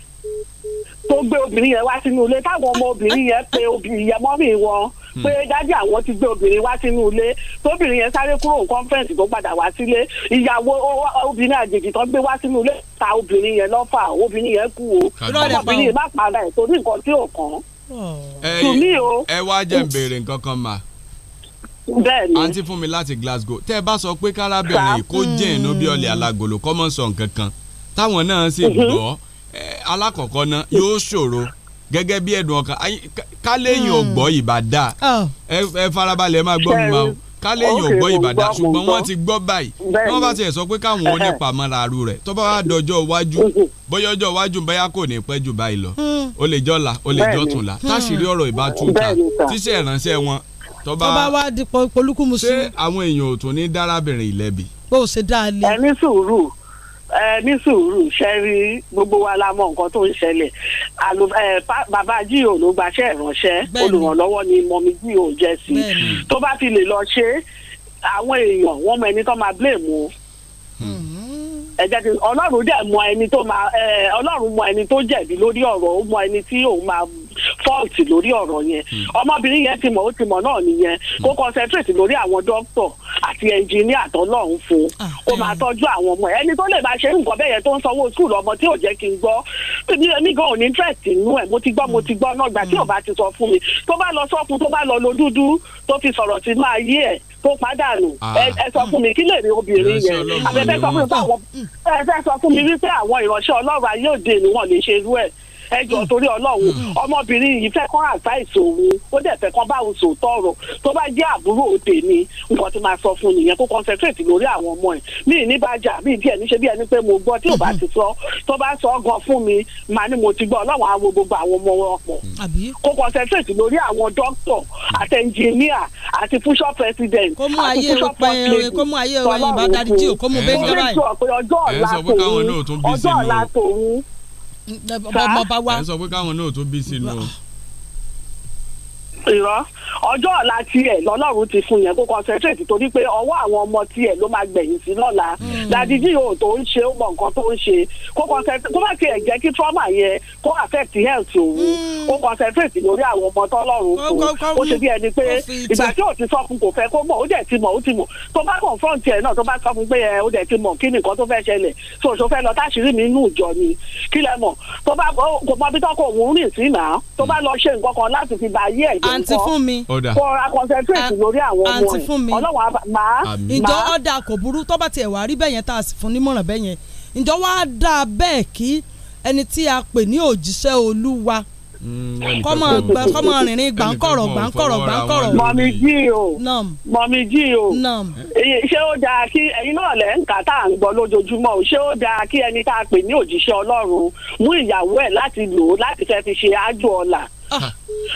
tó gbé obìnrin yẹn wá sínú ilé táwọn ọmọ obìnrin yẹn pe obìnrin yẹn mọ́mì wọn pé hmm. dádì àwọn ti gbé obìnrin wá sínú ilé tóbìnrin yẹn sáré kúrò ní tó padà wá sílé ìyàwó obìnrin àjèjì tó gbé wá sínú ilé ta obìnrin yẹn lọ́fà obìnrin yẹn kú o obìnrin yẹn má padà ẹ̀ torí nǹkan tí ò kàn ẹ wá jẹ́ ń béèrè nǹkan kan mà bẹ́ẹ̀ni àǹtí fún mi láti Glasgow tẹ́ ẹ bá sọ pé kárábìnrin kó jẹ́ ìnú bí ọlẹ̀ hmm. alágolo kọ́mọ́sán kankan táwọn náà sì mm-hmm. gbọ́ alákọ̀ọ́kọ́ náà yóò ṣòro gẹ́gẹ́ bí ẹ̀dùn ọkàn kálẹ́yìn ọ̀gbọ́ hmm. ìbàdà ah. ẹ farabalẹ̀ máa gbọ́ mi máa kálẹ́yìn ọ̀gbọ́ ìbàdà ṣùgbọ́n wọ́n ti gbọ́ báyìí bí wọ́n bá ti ẹ̀ sọ pé káwọn ò ní pamọ́ra aró rẹ̀ tó bá wà dọjọ́ iwájú bóyá ọjọ́ iwájú bóyá kò ní pẹ́ jù báyìí lọ ó hmm. lè jọ́la ó lè jọ́tùnla hmm. táṣìírí ọ̀rọ̀ ìbá túta tíṣẹ́ ìránṣẹ́ wọn tó bá wá di polúkúmuṣu. ṣé àwọn èèyàn ò tún ní dárábìnrin ìlẹ́bi. bó o ṣe dáa lé. ẹni sùúrù ẹ ní sùúrù ṣe rí gbogbo wa la mọ nǹkan tó ń ṣẹlẹ̀ bàbá jíò ló gbaṣẹ́ ìránṣẹ́ olùrànlọ́wọ́ ni mọ̀mí jíò jẹ́ sí tó bá fi lè lọ ṣe àwọn èèyàn wọ́n mọ ẹni tó máa blame o hmm. ẹ jẹ́ kí ọlọ́run dẹ̀ mọ ẹni tó máa ọlọ́run mọ ẹni tó jẹ̀bi lórí ọ̀rọ̀ ó mọ ẹni tí òun máa fault lórí ọ̀rọ̀ yẹn hmm. ọmọbìnrin yẹn ti mọ̀ ó ti mọ̀ náà nìyẹn hmm. kó concentrate lórí àwọn dókítọ̀ àti ẹnjìníà tọ́lọ́run fún ah, kó máa hmm. tọ́jú àwọn ọmọ ẹ̀ ẹni tó lè máa ṣe nǹkan bẹ́ẹ̀ yẹn tó ń sanwó skul ọmọ tí ò jẹ́ kí n gbọ́ mi gan ò ní interest nínú ẹ̀ mo ti gbọ́ mo ti gbọ́ náà gbà tí ò bá ti sọ fún mi tó bá lọ sọ́kun tó bá lọ lo dúdú tó fi sọ̀rọ̀ sí máa yé ẹ̀ tó pàdánù ah, ẹ sọ fún mi kí lè rí obìnrin yẹn abẹ́fẹ́ sọ fún mi wípé àwọn ìránṣẹ́ ọlọ́run ayé òde ni wọ́n lè ṣe irú ẹ̀ ẹjọ́ torí ọlọ́run hmm. ọmọbìnrin yìí fẹ́ kán advice òun ó dẹ̀ fẹ́ kán báwo sòótọ́ ọ̀rọ̀ tó bá jẹ́ àbúrò tèmi nǹkan tí máa sọ fún nìyẹn kó concentrate lórí àwọn ọmọ ẹ̀ mí ní bàjá mí díẹ̀ níṣe bí ẹni pé mo gbọ́ tí ò bá ti sọ tó bá sọ gan fún mi màá ní mo ti gbọ́ ọlọ́run á wo gbogbo àwọn ọmọ wọn pọ̀ kó concentrate lórí àwọn dókítọ̀ àti ẹnjìníà àti fúnṣọ́ president àti fúnṣọ́ pọ́ńtìlẹ̀ kó mú ayé ọ̀rọ̀ yìí bá dárí jì bọ́ba wa. ẹ sọ pé káwọn náà tó bí sínú o irọ́ ọjọ́ ọ̀la tiẹ̀ lọ́lọ́run ti fún yẹn kó concentrate torí pé ọwọ́ àwọn ọmọ tiẹ̀ ló máa gbẹ̀yìn sí lọ́la dadi jí o tó ń ṣe ó mọ nǹkan tó ń ṣe kó concentrate kó má tiẹ̀ jẹ́ kí trauma yẹn kó affect health òun hmm. kó concentrate lórí àwọn ọmọ tọ́lọ́run fún ó ṣe bí ẹni pé ìgbà tí ò ti sọ fún kò fẹ́ kó mọ̀ ó dẹ̀ ti mọ̀ ó ti mọ̀ tó bá confront ẹ̀ náà tó bá sọ fún pé ẹ ó dẹ̀ ti mọ̀ kí nìkan tó fẹ́ ṣẹlẹ̀ tó o ṣo fẹ́ lọ táṣìírí mi inú ìjọ ni kí lẹ mọ̀ tó bá kò mọ bí tọ́kọ̀ òun rìn sí náà tó bá lọ ṣe nǹkan kan láti fi ba ayé ẹ̀ jẹ́ àǹtí fún mi kọ́ra concentrate lórí àwọn ọmọ ǹjọ́ ọ̀dà kò burú tó bá tiẹ̀ wá rí bẹ́ẹ̀ yẹn tá a sì fún nímọ̀ràn bẹ́ẹ̀ yẹn ǹjọ́ wá dáa bẹ́ẹ̀ kí ẹni tí a pè ní òjíṣẹ́ olúwa Mm, kọ́mọ gbà kọ́mọ rìnrìn gbàǹkọ̀rọ̀ gbàǹkọ̀rọ̀ gbàǹkọ̀rọ̀. mọ̀mí jí o mọ̀mí jí o ṣé ó dáa kí ẹ̀yin náà lẹ́ ń kà tá à ń gbọ́ lójoojúmọ́ o ṣé ó dáa kí ẹni tá a pè ní òjíṣẹ́ Ọlọ́run mú ìyàwó ẹ̀ láti lò ó láti fẹ́ fi ṣe ájò ọ̀la ah.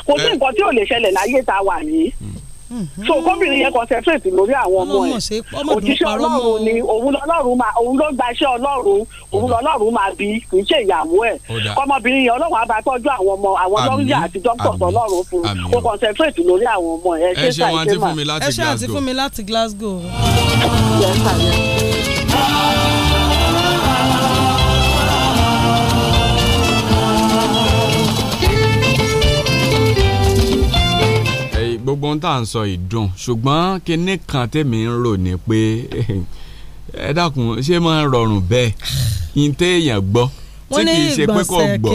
kò sí nǹkan tí ò lè ṣẹlẹ̀ láyé tá a wà yìí hmm. Mm-hmm. so kóbìnrin yẹn concentrate lórí àwọn ọmọ ẹ̀ òjíṣẹ́ ọlọ́run ni òun lọ́lọ́run máa òun ló gba iṣẹ́ ọlọ́run òun lọ́lọ́run máa bí kì í ṣe ìyàwó ẹ̀ ọmọbìnrin yẹn ọlọ́run á tọ́jú àwọn ọmọ àwọn lọ́ọ̀yà àti dókítà ọlọ́run fún un concentrate lórí àwọn ọmọ ẹ̀ ṣe ṣe àti fún mi láti Glasgow. ẹ ṣe àti fún mi láti Glasgow. gbogbo ohun tá à ń sọ ìdùn ṣùgbọ́n kinní kan tèmi ń rò ní pé ẹ dákun ṣé máa ń rọrùn bẹ́ẹ̀ yín téèyàn gbọ́ tí kì í ṣe pé kò gbọ́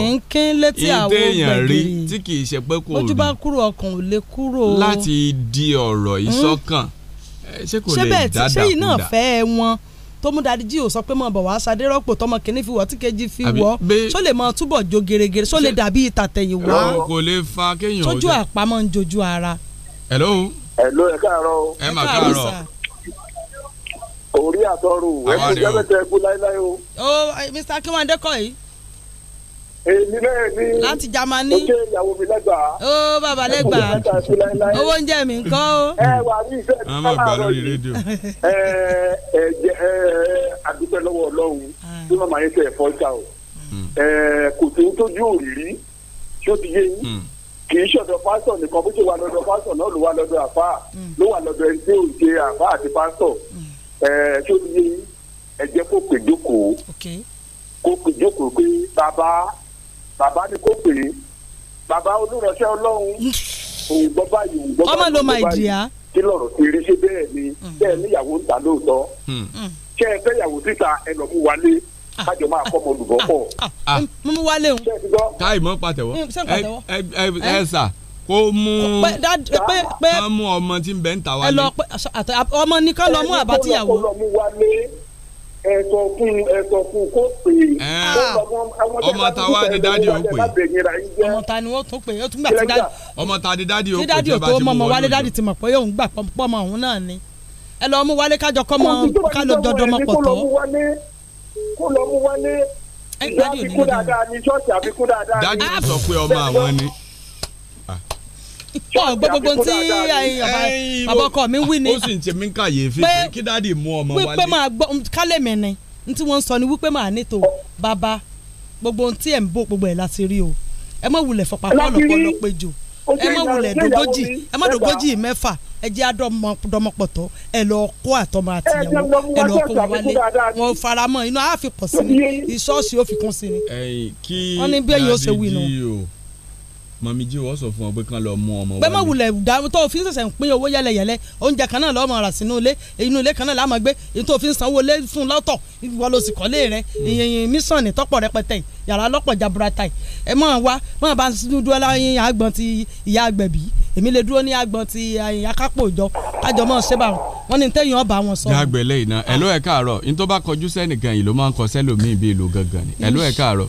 yín téèyàn rí tí kì í ṣe pé kò rí ojú kúrò ọkàn ò lè kúrò. láti di ọ̀rọ̀ ìsọ̀kan hmm? ṣé kò lè dáadáa kúndà ṣé yìí fẹ́ ẹ wọn tó mú dadiji ò sọ pé mọ̀ bọ̀ wá sadé rọ́pò tọmọ kìíní fi wọ́ tí kejì fi wọ́ só lè mọ túbọ̀ jo gèrègèrè só lè dàbí ìtàtẹ̀yìn wọ́. tójú àpamọ́ ń jojú ara hello. hello ẹ káàárọ̀ o. ẹ mà káàárọ̀. orí àtọrù ẹ kò jẹ́ mẹ́tẹ́ ẹkú láéláé o. o mr akinwande kọ yìí. èmi náà ní. láti Jámánì. ó jẹ́ ìyàwó mi lẹ́gbàá. ó bàbá lẹ́gbàá. owó oúnjẹ mi ńkọ́ o. ẹ wà ní ìfẹ́ tí wọ́n máa lọ yìí. ẹ ẹ jẹ ẹ àdúpẹ́ lọ́wọ́ Ọlọ́run ah. tí màmá yẹn tẹ̀ fọ́ ìta o. Hmm. ẹ kò tó ń tójú òrìrí tí ó ti yé yín. Hmm kì í ṣọ̀dọ̀ pásítọ̀ nìkan bó ṣe wà lọ́dọ̀ pásítọ̀ náà ló wà lọ́dọ̀ àfà mm. ló wà lọ́dọ̀ ẹni tí ò ṣe àfà àti pásítọ̀ mm. ṣó ní ẹ̀jẹ̀ kó pè jókòó kó pè jókòó pé bàbá bàbá ni kó pè é bàbá olùránṣẹ́ ọlọ́run [LAUGHS] òun gbọ́ báyìí òun gbọ́ báyìí ọmọ ló máa jìyà kí lọ̀rọ̀ ti rí ṣe bẹ́ẹ̀ ni mm. bẹ́ẹ̀ níyàwó ń ta lóòótọ́ ṣé ẹ fẹ́ yàwó síta ẹ lọ wálé kájọ máa kọ́ ọmọ olùkọ́ pọ̀. Ah, ah. mímú wálé o. káyì mọ́ pàtẹ́wọ́ mm, ẹ ẹ sà kó mú kán mú ọmọ tí ń bẹ ń ta wálé. ọmọ ní kán lọ mú àbátíyàwó. ẹ ní lọ mú wálé ẹ̀sọ̀ fún ẹ̀sọ̀ fún kó pè ọmọ ta ọmọ ta ni wọ́n tún pè é tún gbà tí dádì. ọmọ ta ni dádì ó pè tí ó bá ti mú wọn lójú. ti mọ̀ pé òun gbà pọ́mọ òun náà ni. ẹ lọ mú wálé kájọ kọ́mọ ká lọ jọjọ mọ pọ̀ tọ́ kó lọ mú wálé ìyá àfikún dáadáa ní ṣọ́ọ̀ṣì àfikún dáadáa ní. dájú sọ pé ọmọ àwọn ni ah. ọ gbogbo tí àbọkọ mi wí ni ó sì ń ṣe mí kàyéfì pé kí dáàdi mú ọmọ wálé wípé máa gbọ́ kálẹ̀ mi ni n tí wọ́n ń sọ ni wípé máa nítò bàbá gbogbo tí ẹ̀ ń bò gbogbo ẹ̀ láti rí o ẹ má wulẹ̀ fọpá pọ̀ lọ́pọ̀lọpọ̀ jù ẹ má wulẹ̀ dógójì ẹ má dógójì mẹ́fà ẹ jẹ́ àdọ́mọpọ̀tọ́ ẹ lọ kó àtọmọ àtìyàwó ẹ lọ kó wọn wálé wọn fara mọ́ iná àfi pọ̀ sí ni ìṣọ́ọ̀ṣì ó fi kún sí ni. wọ́n ní bẹ́ẹ̀ yóò ṣe wí nù. mọ̀mí jí wọ́n sọ fún ọ pé kán lọ mú ọmọ wa. bẹ́ẹ̀ má wulẹ̀ dàrú tó o fi ń sẹ̀sẹ̀ ń pín owó yẹlẹyẹlẹ oúnjẹ kan náà lọ́ọ́ mọ̀ rà sínú ilé inú ilé kan náà láàmú gbé èyí tó o fi ń sanwó lé fún lọ́tọ̀ ìwọ ló sì kọ́lé rẹ hmm. ìyẹn mísàn ní tọ́pọ̀ rẹpẹtẹ yàrá lọ́pọ̀ jaburata ẹ mọ̀ wá mọ̀ bá dúdú ọlá yín àgbọ̀n ti ìyá àgbẹ̀bí èmi lè dúró ní agbọn ti eh, akápò ìjọ kájọ mọ́ ṣébà wọn ni tẹ́yìn ọba wọn sọ. jágbe lẹ́yìn náà ẹ̀ló ẹ̀ káàárọ̀ ní tó bá kọjú sẹ́nìkan yìí ló máa ń kọ sẹ́lòmíì bíi ìlú gangan ni ẹ̀ló ẹ̀ káàárọ̀.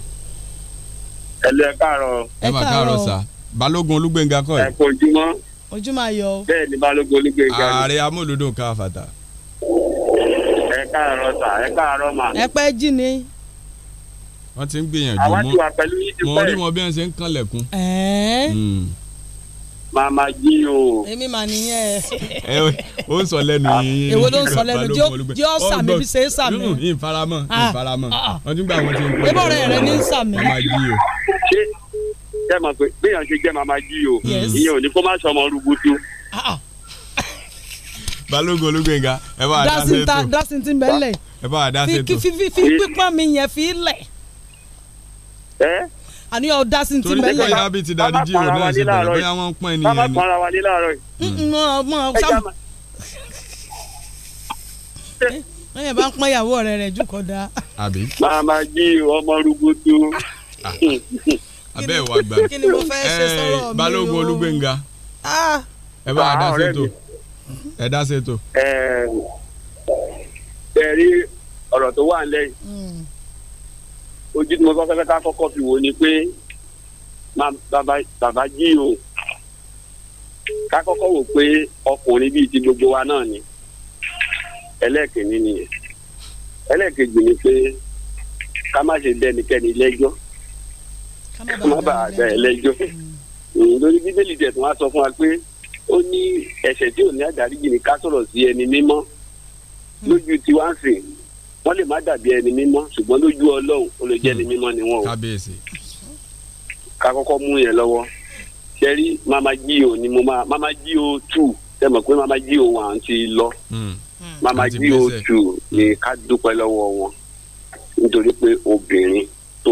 ẹ̀ló ẹ̀ káàárọ̀. ẹ̀ káàárọ̀ sà balógun olúgbẹ̀ngà kọ́ ẹ̀. ẹ̀ ojúmọ́. ojúmọ́ ayọ̀. bẹ́ẹ̀ balógun olúgbẹ̀ngà ni. ààrẹ amúlùdùn káfàtà. ẹ káàárọ̀ sà ẹ káàárọ̀ mà. ẹ pẹ́ jí ni wọ́n ti ń màmá jí o. èmi mà nìyẹn. [LAUGHS] ẹ o ń sọ lẹ́nu yìí. èwo ló ń sọ lẹ́nu jí ó sàmì bí ṣe é sàmì. yóò ní ìfaramọ ìfaramọ ah, ah, ah. wọn tún gbà wọn ti ń pè é. ebọ̀rẹ̀ rẹ ní sàmì. màmá jí o. ṣé ṣé màá pé bí èèyàn ṣe jẹ́ màmá jí o ìyẹn ò ní kó má sọ ọmọ rúgutu. balógun olúgbẹ̀ngà ẹ bá wa dá sí ètò dásin ti mẹ́lẹ̀ ẹ bá wa dá sí ètò fi pípọ́n mi yẹn fi lẹ̀. ẹ àní ọ̀dá sí ti mẹ́lẹ̀. torí kọ́ yábí ti dàdí jí òun náà ṣe bẹ̀rẹ̀ bóyá wọ́n ń pọ́n ẹni yẹn ni. bàbá wàlé láàárọ̀ yìí. Mm, mm, mọ sábà eh, wọ́n yẹn bá ń pọ́n ìyàwó rẹ̀ rẹ̀ jù kọ́ da. àbí. màmá jí ọmọ rúgbòtò. Ah, ah. abẹ́ ìwà gbà. kí eh, balógun olúgbẹ̀ngà. Ah. ẹ bá a ṣètò. ẹ ṣètò. ẹ eh, ẹ rí ọ̀rọ̀ tó wà lẹ́yìn ojú tí mo kọ́kọ́ fẹ́ ká kọ́kọ́ fi wò ni pé bàbá jí o ká kọ́kọ́ wò pé ọkùnrin bíi ti gbogbo wa náà ni ẹlẹ́ẹ̀kìnní nìyẹn ẹlẹ́ẹ̀kejì ni pé ká má ṣe dá ẹnikẹ́ni lẹ́jọ́ ká má bàa dá ẹ lẹ́jọ́ lórí bíbélì tẹ̀sán wa sọ fún wa pé ó ní ẹ̀ṣẹ̀ tí ò ní àdáríjì ni ká sọ̀rọ̀ sí ẹni mímọ́ hmm. lójú tiwa wọ́n lè má dàbí ẹni mímọ́ ṣùgbọ́n lójú ọlọ́run ó lè jẹ́ ẹni hmm. mímọ́ ni wọ́n o. kábíyèsí. ká kọ́kọ́ mú yẹn lọ́wọ́ ṣẹ́rí mama gio ni mo máa mama gio two ṣe mọ̀ pé mama gio one ti lọ hmm. Hmm. mama gio two ni ká dúpẹ́ lọ́wọ́ wọn nítorí pé obìnrin tó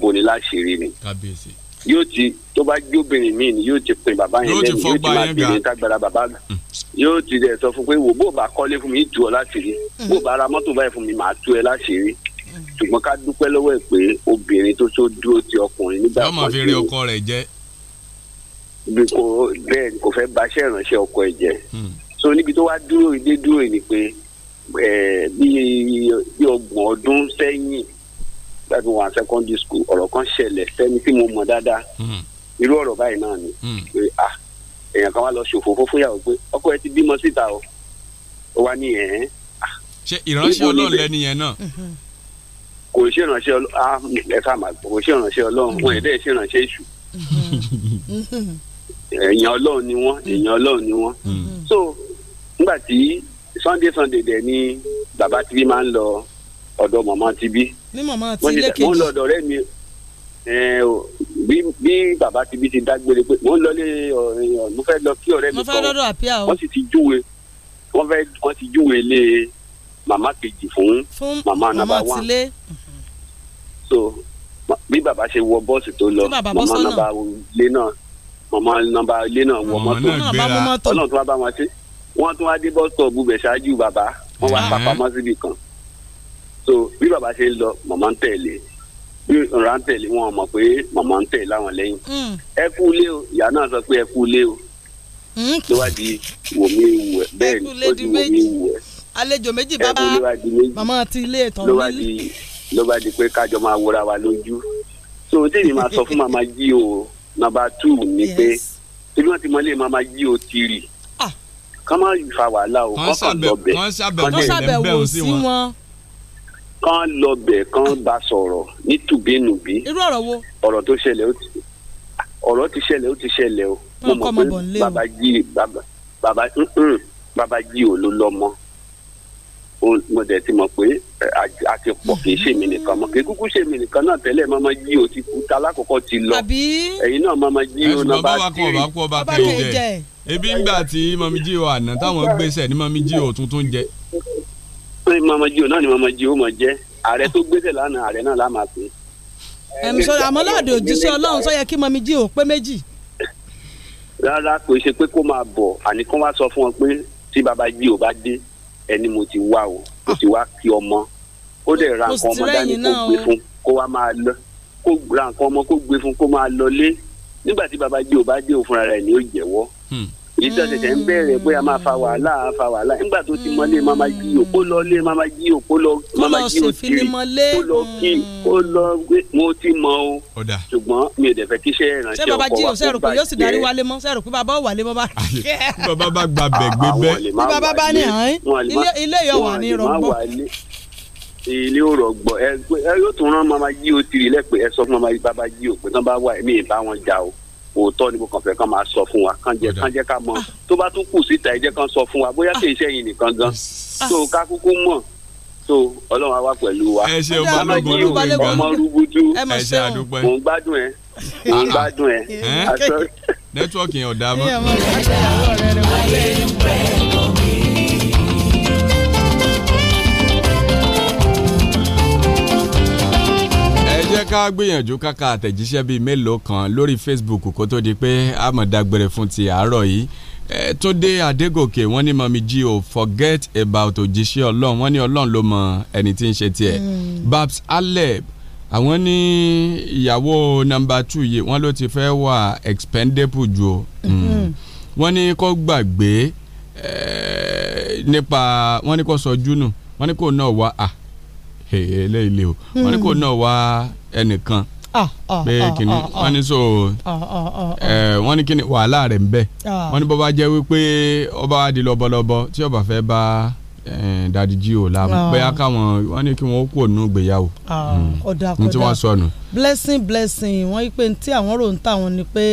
boni láṣìírí ni. kábíyèsí yóò ti tó bá jóbìnrin míì ni yóò ti pin bàbá yẹn lẹ́nu yóò ti máa bìnrin tágbára bàbá hmm. yóò ti dẹ̀ sọ fún pé wò bó bá kọ́lé fún mi tú ọ láṣìírí hmm. bó bá ra mọ́tò báyìí fún mi màá tú ẹ láṣìírí hmm. ṣùgbọ́n ká dúpẹ́ lọ́wọ́ ẹ̀ pé obìnrin tó tó dúró ti ọkùnrin nígbà kan tí ó bí kò bẹ́ẹ̀ kò fẹ́ baṣẹ́ ìránṣẹ́ ọkọ ẹ̀ jẹ́ so níbi tó wá dúró ìdé dúró ni pé bí ọgbọ̀n ọdún sẹ́yìn láti wọn secondary school ọ̀rọ̀ kan ṣẹlẹ̀ sẹ́ni tí mo mọ̀ dáadáa hmm. irú ọ̀rọ̀ báyìí náà ni hmm. pé ah èèyàn kan wá lọ ṣòfófó fúyàwó pé ọkọ ẹ ti bímọ síta o ó wá ní ẹ̀ ẹ́. ṣé ìránṣẹ́ ọlọ́run lẹ́ni yẹn náà. Mhm. kò ṣe ìránṣẹ́ ọlọ́run ẹ ká máa kò ṣe ìránṣẹ́ ọlọ́run wọn ẹ̀ dẹ́ ṣe ìránṣẹ́ èṣù èèyàn mhm. ọlọ́run ni wọ́n èèyàn ọlọ́run ni wọ́n hmm. mhm. so nígbà tí sunday sunday dẹ̀ ni bàbá tv máa ń lọ ọ̀dọ̀ màmá ti bí. ní màmá ti ilé kejì. wọ́n lọ ọ̀dọ̀ ọ̀rẹ́ mi bí bàbá ti bí ti dágbére pé wọ́n lọ lé mo fẹ́ lọ kí ọ̀rẹ́ mi kọ́ wọ́n sì ti júwe wọ́n fẹ́ wọ́n ti júwe lé màmá kejì fún màmá nàbà wán. so bí bàbá ṣe wọ bọ́ọ̀sì tó lọ màmá nàbà lé náà màmá nàbà lé náà wọ mọ́tò ọlọ́run tó wá bá wọn ṣe wọ́n tún wá dé bọ́ọ̀sì tó bubẹ̀ ṣáájú bàbá wọ́n wá papamọ́ síbì kan so bí bàbá ṣe ń lọ màmá ń tẹ̀lé bí ìrora ń tẹ̀lé wọn mọ̀ pé màmá ń tẹ̀lé àwọn lẹ́yìn hmm. ẹ kú ilé o ìyá náà sọ pé ẹ kú ilé o hmm. ló wá di wòmí wù ẹ bẹ́ẹ̀ ni ó di wòmí wù ẹ àlejò méjì bàbá màmá ti ilé ìtàn nílé ló bá di pé kájọ máa wúra wa lójú so tí èmi máa sọ fún [LAUGHS] màmá jí o nàbà tù ní pé tí wọ́n ti mọ́lé màmá jí o ti rì ah. kọ́ máa fa wàhálà o kọ́ kàn lọ bẹ̀ wọ́n ṣàbẹ̀wò sí wọn kán lọbẹ̀ kán bá sọ̀rọ̀ ní tùbínùbí. irú ọ̀rọ̀ wo. ọ̀rọ̀ tó ṣẹlẹ̀ ó ti ọ̀rọ̀ ti ṣẹlẹ̀ ó ti ṣẹlẹ̀ o. mo mọ̀ pé bàbá jí bàbá bàbá bàbá jí ò ló lọ́mọ. mo dẹ̀ ti mọ̀ pé a ti pọ̀ kì í ṣèmi nìkan mọ̀ kì í kúkú ṣèmi nìkan náà tẹ́lẹ̀ mama jí o ti kú ta ti lọ. ẹ̀yin náà mama jí o náà bá ti rí. bàbá kò jẹ ebi ń gbà tí mami jí o àná táwọn gbèsè ní mami jí o tuntun jẹ pé mamaji o náà ni mamaji o mọ̀ jẹ́ ààrẹ tó gbèsè lánàá ààrẹ náà láàmà pé. ẹ̀mí àmọ́ láàdì òjíṣẹ́ ọlọ́run sọ yẹ kí mamaji o pé méjì. rárá kò ṣe pé kó máa bọ̀ àní kó wá sọ fún wọn pé tí babaji o bá dé ẹni mo ti wá o mo ti wá kí ọmọ ó dẹ̀ ra nǹkan ọmọ dání kó gbé fún kó wá máa lọ kó ra nǹkan ọmọ kó gbé fún kó máa lọlé nígbà tí babaji o bá dé òfúnra rẹ̀ ni ó jẹ́wọ́. Hmm èyí tó ṣẹ̀ṣẹ̀ ń bẹ̀rẹ̀ bóyá máa fa wàhálà fa wàhálà nígbà tó ti mọ́lé máma jí o kó lọ lé máma jí o kó lọ máma jí o kiri kó lọ kí hmm. kó lọ gbé mo ti mọ o ṣùgbọ́n mi ò dẹ̀ fẹ́ kíṣẹ́ ìrànṣẹ́ ọkọ wa kó bá sẹ́rù pé yóò sì darí wálé mọ́ sẹ́rù pé bàbá ò wálé mọ́ bá bàbá bá gba bẹ̀ gbé bí bàbá bá ní àárín ilé yọ̀ wà ní rọ̀gbọ́ ilé ò rọ̀gbọ́ ẹ yóò tún rán máma jí o tiri lẹ́pẹ́ òótọ́ ni mo kàn fẹ́ kán máa sọ fún wa kán jẹ́ kán jẹ́ ká mọ̀ ah. tó bá tún kù síta ẹ jẹ́ kán sọ fún wa bóyá ah. kì í ṣe yìí nìkan gan ah. so ká kúkú mọ̀ so ọlọ́run á wà pẹ̀lú wa ẹ ṣe ọmọ rúgúdú ẹ ṣe àdúgbò mò ń gbádùn ẹ mò ń gbádùn ẹ. nẹ́tíwọ̀kì yẹn ò dáa mọ́. jẹ́ ká gbìyànjú káka àtẹ̀jíṣẹ́ bíi mélòó kan lórí Facebook kó tó di pé a máa dágbére fún ti àárọ̀ yìí Túndé Adégòkè wọ́n ní mọ̀mí jí o forget about òjíṣẹ́ ọlọ́run wọ́n ní ọlọ́run ló mọ ẹni tí ń ṣe tiẹ̀ hmm. Babs Aleb àwọn ní ìyàwó nọ́mbà two yìí wọ́n ló ti fẹ́ wà expendable ju o hmm. Hmm. wọ́n ní kó gbàgbé nípa wọ́n ní kó sọ júnù wọ́n ní kó náà wá à eléyìí lè o wọ́n ní kó náà wá ẹnìkan ah, ah, pé ah, kìnnì wọ́n ní so wọ́n ní kìnnì wàhálà rẹ̀ ń bẹ wọ́n ní bọ́ba jẹ́ wípé ọba di lọ́bọ̀lọ́bọ̀ tí ọba fẹ́ bá dadi o la bóyá káwọn wọ́n ní kí wọ́n kú òun gbéyàwó ní tí wọ́n sọnù. blessing blessing wọ́n yí pé tí àwọn rò ń tà wọ́n ni pé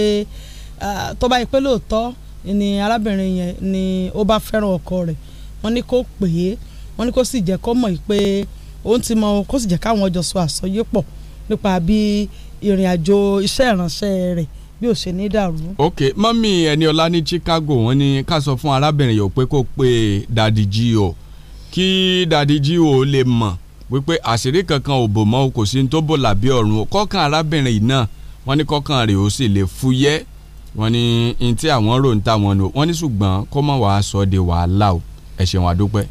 tó bá yí pé lóòótọ́ ni arábìnrin yẹn ni ó bá fẹ́ràn ọkọ rẹ̀ wọ́n ní kó pè é wọ́n ní kó sì jẹ́ kó mọ̀ pé òun ti mọ kó sì jẹ́ káwọn ọjọ́ sọ àsọyé pọ̀ nípa bí ìrìn àjò iṣẹ́ ìránṣẹ́ rẹ̀ bí ó ṣe ní dàrú. ok mọ́mí ẹniọlá ní Chicago wọ́n ní ká sọ fún arábìnrin yòó pé kó pe dadi jí o kí dadi jí o lè mọ̀ wípé àṣírí kankan ò bò mọ́ kò sí ní tó bò làbí ọ̀run kọ́kàn arábìnrin yìí náà wọ́n ní kọ́kàn rẹ̀ ó sì lè fúyẹ́ wọ́n ní n tí àwọn rò ń ta wọn nù wọ́n ní ṣùgbọ́n kó mọ̀ wàá sọ de wàhálà o ẹ ṣeun àdúpẹ́.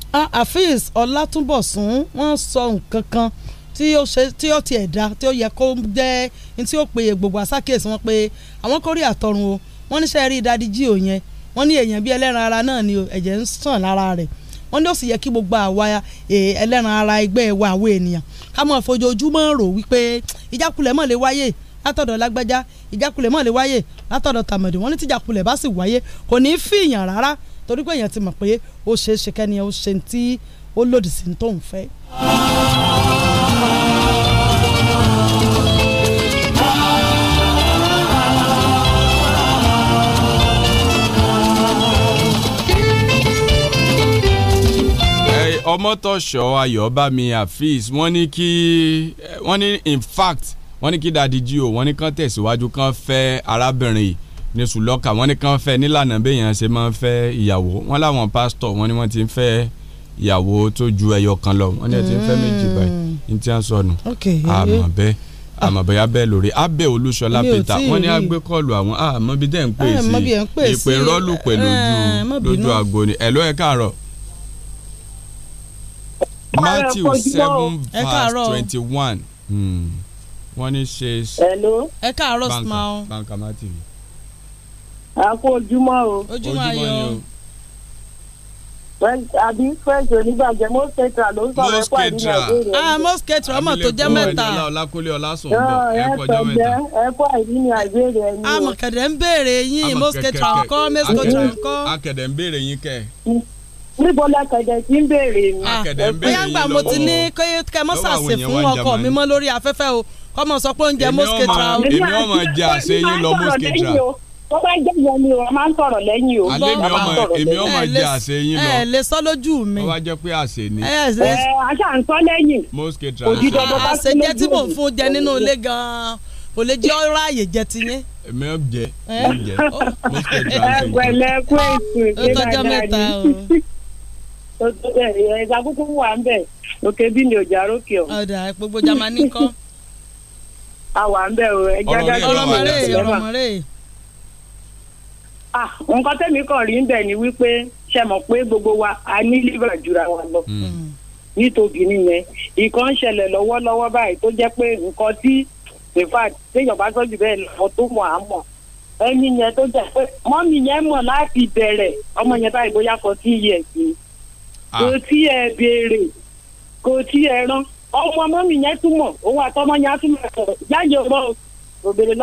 àfíìs ah, ọlátúnbọ̀sún wọ́n sọ nǹkan kan tí ó ṣe tí ó tiẹ̀ da tí ó yẹ kó jẹ́ ní tí ó pe gbogbo àsákèsí wọn pé àwọn kórè àtọrun o wọ́n níṣẹ́ rí dadi jí òun yẹn wọ́n ní èèyàn bíi ẹlẹ́ran ara náà ni ẹ̀jẹ̀ ń sàn lára rẹ̀ wọ́n ní ó sì yẹ kí gbogbo àwa e, ẹlẹ́ran ara ẹgbẹ́ wa àwọn ènìyàn ká mọ̀ fojoojúmọ́ rò wípé ìjákulẹ̀ mọ̀ lè wáyé látọ̀dọ̀ lágbájá ìjákulẹ̀ mọ̀ lè wáyé látọ̀dọ̀ tàmẹ̀dù wọ́n ní tíjákulẹ̀ bá sì wáyé kò ní í fìyàn rárá torí pé èèyàn ti mọ̀ pé ó ṣeé ṣe kẹ́ni ó ṣe ti ó lòdì sí ní tóun fẹ́ ọmọtọ̀ṣọ́ ayọ̀bámi afeez wọ́n ní kí wọ́n ní in fact wọ́n ní kí dadi jí o wọ́n ní kán tẹ̀síwájú kán fẹ́ arábìnrin ní sùlọ́kà wọ́n ní kán fẹ́ nílànà béèyàn ṣe máa ń fẹ́ ìyàwó wọ́n láwọn pásítọ̀ wọ́n ní wọ́n ti ń fẹ́ ìyàwó tó ju ẹyọ kan lọ wọ́n ní ẹ ti ń mm. méjì báyìí ní tí wọ́n sọnù àmọ́ bẹ́ẹ̀ àmọ́ ah. bóyá bẹ́ẹ̀ lórí abẹ́ olúṣọlá peter wọ́n ní agbé kọlù àwọn àmọ́ bí dẹ́ ń pè ah, sí ìpè rọ́ọ̀lù ah, lójú àgbo ni ẹ̀lọ́ ẹ̀ káàárọ̀ matthew seven verse twenty one hmm. wọ́n ní ṣe ẹ̀ káàárọ̀ small banka matthew. a o ojúmọ́ ayọ̀ àbí french onígbàjẹ mosketra ló ń sọ̀rọ̀ ẹ̀kọ́ àdínà ìbéèrè rẹ̀. mosketra ọmọ tó jẹ́ mẹ́ta. ọlákúlẹ̀ ọlásùn bọ̀ ah, ẹ̀kọ́ jẹ́ mẹ́ta. ẹ̀kọ́ àdínà ìbéèrè yín. amọ̀kẹ̀dẹ̀ ń béèrè yín mosketra ńkọ́ mosketra ńkọ́. akẹ̀dẹ̀ ń béèrè yín kẹ́ níbo lakẹ̀dẹ̀ tí ń béèrè mi. Ah, akẹ̀dẹ̀ ń béèrè yín lọ́wọ́ bóyá mo ti ní kẹ́ tó jẹ́ ìyẹn ni a máa ń sọ̀rọ̀ lẹ́yìn o. alẹ́ mi ọmọ èmi ọmọ jẹ àṣẹ yín lọ. ẹ lè sọ lójú mi. wọ́n wá pé àṣẹ ni. ẹ aṣá ń sọ lẹ́yìn. mosque trans. àṣẹ jẹ́ tí mò ń fún jẹ nínú ilé gan-an kò lè àyè jẹ ti yẹn. èmi ò jẹ jẹ mosque ọ. [LAUGHS] gbogbo [LAUGHS] o ẹja jáde nǹkan tẹ́mi kàn rí níbẹ̀ ni wípé ṣe mọ̀ pé gbogbo wa a ní jura wa lọ hmm. Hmm. nítòbí nìyẹn ìkan ṣẹlẹ̀ lọ́wọ́lọ́wọ́ báyìí tó jẹ́ pé nǹkan tí téèyàn bá sọ́jú bẹ́ẹ̀ lọ́wọ́ tó mọ̀ á mọ̀ ẹni yẹn tó jẹ́ pé mọ́mì yẹn mọ̀ láti bẹ̀rẹ̀ ọmọ yẹn báyìí bóyá ah. kò tí ì sí ọmọ yẹn túmọ̀ òun yẹn á túmọ̀ òbèrè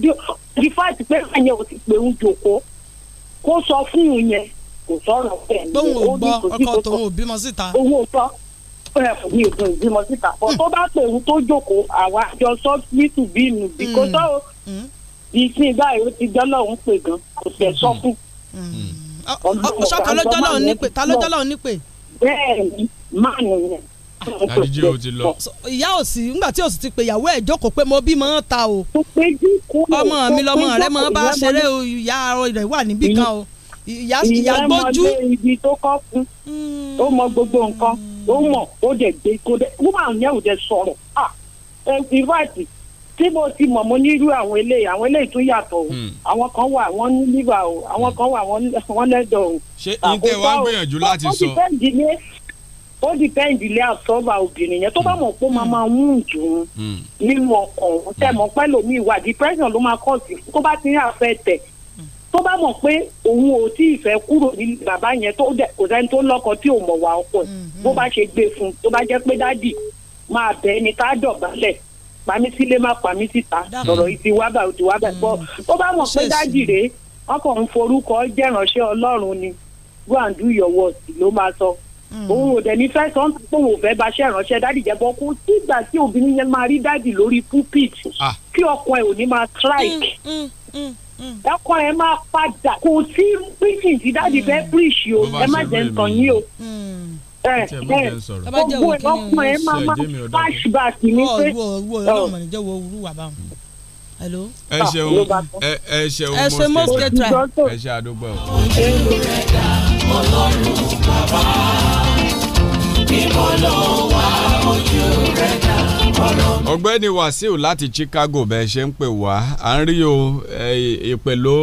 the fact pé àyẹ̀ ò ti pé ń jòkó kó sọ fún un yẹn kò sọ̀rọ̀ bẹ́ẹ̀ ni ó ní kò sí kò tó owó bímọ síta owó tọ́ mi ò gbọ́n ìbímọ síta pọ̀ hmm. tó bá pè ń tó jòkó àwa àjọ sọ́ọ̀tù bínú bí kò hmm. sọ hmm. ìsìn báyìí ó ti jọ́lọ́ òun pè gan kò tẹ̀ sọ fún. ṣọ́ọ̀tà lọ́jọ́ lọ́hùn nípe bẹ́ẹ̀ ni máà nìyẹn àdìjẹ́ o ti lọ. ìyá òsì ńgbà tí òsì ti pè ìyàwó ẹ̀ jókòó pé mo bí mọ́ ń ta o. ọmọ mi lọmọ rẹ mọ́ bá ṣeré o ìyá rẹ̀ wà níbí kan o. ìyá gbójú. ìyá ọmọdé ibi tó kọ́ fún ó mọ gbogbo nǹkan ó mọ̀ ó dẹ̀ gbé kó dẹ̀ woman yẹn ò dẹ̀ sọ̀rọ̀ ìfàtì tí mo ti mọ̀ mo nírú àwọn eléyìí àwọn eléyìí tún yàtọ̀ o hmm. àwọn kan wà wọ́n ní liver o àwọn kan wà wọ́n lẹ́dọ̀ o. ṣé ní tẹ́ wá gbìyànjú láti sọ. ó depend ilé àtọ́ba obìnrin yẹn tó bá hmm. mọ̀ pé máa máa mú hmm. hmm. nínú ọkàn tẹ̀ mọ́ pẹ́ lómi ìwà depression ló máa kọ́ọ̀sì tó bá ti ní àfẹ́ tó bá mọ̀ pé òun ò tí ì fẹ́ kúrò ní bàbá yẹn tó kò sẹ́ni tó lọ́kọ tí ò mọ̀ e fún tó bá jẹ́ pé dádì máa ẹni dọ̀bálẹ̀ pàmí sílé má pàmí síta lọ̀rọ̀ ti wá báyìí bọ́ tó bá mọ̀ pé dádì rèé ọkọ̀ ń forúkọ jẹ́ránṣẹ́ ọlọ́run ni go and do your work sọ Mm. òun ò dẹ̀ ní fẹ́ sọ pé òun fẹ́ bá ṣẹ́ ìránṣẹ́ dádì jẹ́ bọ́ kó sígbà tí obìnrin yẹn máa rí dádì lórí pulpit ah. kí ọkọ ẹ̀ ò ní máa strike mm, mm, ọkọ ẹ̀ máa padà kò sí preaching tí dádì fẹ́ preach o ẹ má jẹ́ nǹkan yín o gbogbo ọkọ ẹ̀ máa máa flashback ní pé. Oh. Hello. Ah, ẹ ṣeun ẹ ṣeun mo ẹ ṣe àdúgbò. ọlọ́run bàbá ọ̀gbẹ́ni Wàsíù láti Chicago bẹ́ẹ̀ ṣe ń pè wá à ń rí o ìpè ló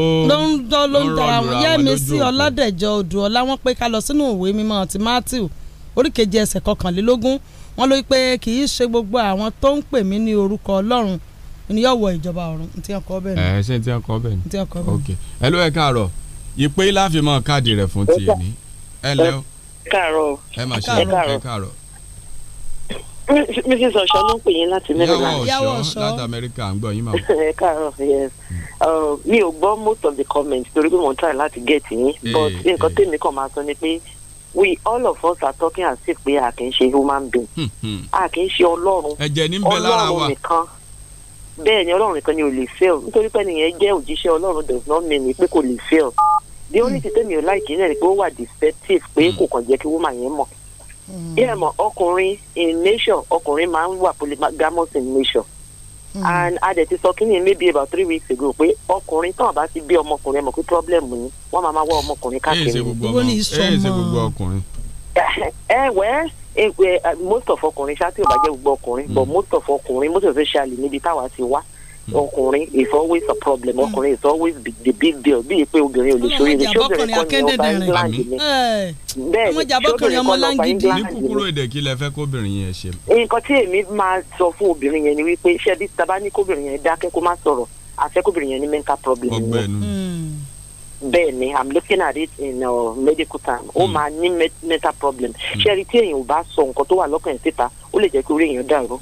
ń dán ló ń dara wọn Yẹ́misí Ọládẹ̀jọ Odùọlá wọ́n pé ká lọ sínú ìwé mímọ́ ti Matthew oríkeje ẹsẹ̀ kọkànlélógún wọ́n ló pé kì í ṣe gbogbo àwọn tó ń pè mí ní orúkọ Ọlọ́run ni yóò wọ ìjọba ọ̀run ntí ọkọ bẹ́ẹ̀ ni. ẹ ṣe ntí ọkọ bẹ́ẹ̀ ni. ntí ọkọ bẹ́ẹ̀ ni. ok ẹ ló ẹ káàárọ̀ ìpè láfi mọ káàdì rẹ fún tiẹ̀ ní ẹ lẹ́wọ̀ káàárọ̀ ẹ máa ṣe ẹ káàárọ̀. mrs ọ̀ṣọ́ ló ń pè yín láti maryland. yàwó ọ̀ṣọ́ láti amẹ́ríkà ń gbọ́ yín máa. [LAUGHS] ẹ káàárọ̀ yes mm. um, mi ò gbọ́ most of the comments torí pé mo ń try láti get yín eh, but eh. nǹkan tèmi kàn máa sọ ni pé we all of us are talking as if pé a kì í ṣe human being hmm, hmm. a kì í ṣe ọlọ́run ọlọ́run nìkan bẹ́ẹ̀ ni ọlọ́run nìkan ni ò lè fail nítorí pé nìyẹn jẹ́ òjíṣẹ́ ọlọ́run does not mean pé kò lè fail the only thing tẹ́mi ò láìkí náà ni pé ó wà deceptive pé hmm. kò kàn jẹ́ kí woman yẹn mọ̀ yẹ́n hmm. mọ̀ ọkùnrin in nature ọkùnrin máa ń wà polygamous in nation, hmm. and a dẹ̀ ti sọ kí ni maybe about three weeks ago pé ọkùnrin tán àbá ti bí ọmọkùnrin ẹ̀ mọ̀ pé problem ni wọ́n máa máa wá ọmọkùnrin káàkiri. ẹ ẹ ṣe gbogbo ọkùnrin. ẹ [LAUGHS] eh, wẹ́ eh, eh, most of ọkùnrin ṣáà tí ò bá jẹ́ gbogbo ọkùnrin but most of ọkùnrin most of socially níbi táwa ti wá. Hmm. ọkùnrin is always a problem hmm. ọkùnrin is always the big deal bíi pé obìnrin ò lè ṣorí rẹ̀ ṣóbìnrin kọ́ ni ọba England ni bẹ́ẹ̀ ṣóbìnrin kọ́ ni ọba England ni. ní kúkúrú èdè kí lẹ fẹ́ kóbìnrin yẹn ṣe. nǹkan tí èmi máa sọ fún obìnrin yẹn ni wípé ṣebí taba ní kóbìnrin yẹn dákẹ́ kó má sọ̀rọ̀ àfẹ́kóbìnrin yẹn ní mental problem. ọgbẹ́ni bẹ́ẹ̀ ni i'm looking at it in uh, medical term ó hmm. máa ní mental problem hmm. ṣẹ́rí tí èèyàn ò bá sọ nǹkan tó wà lọ́kàn ẹ̀ síta ó lè jẹ́ kí orí èèyàn dàrú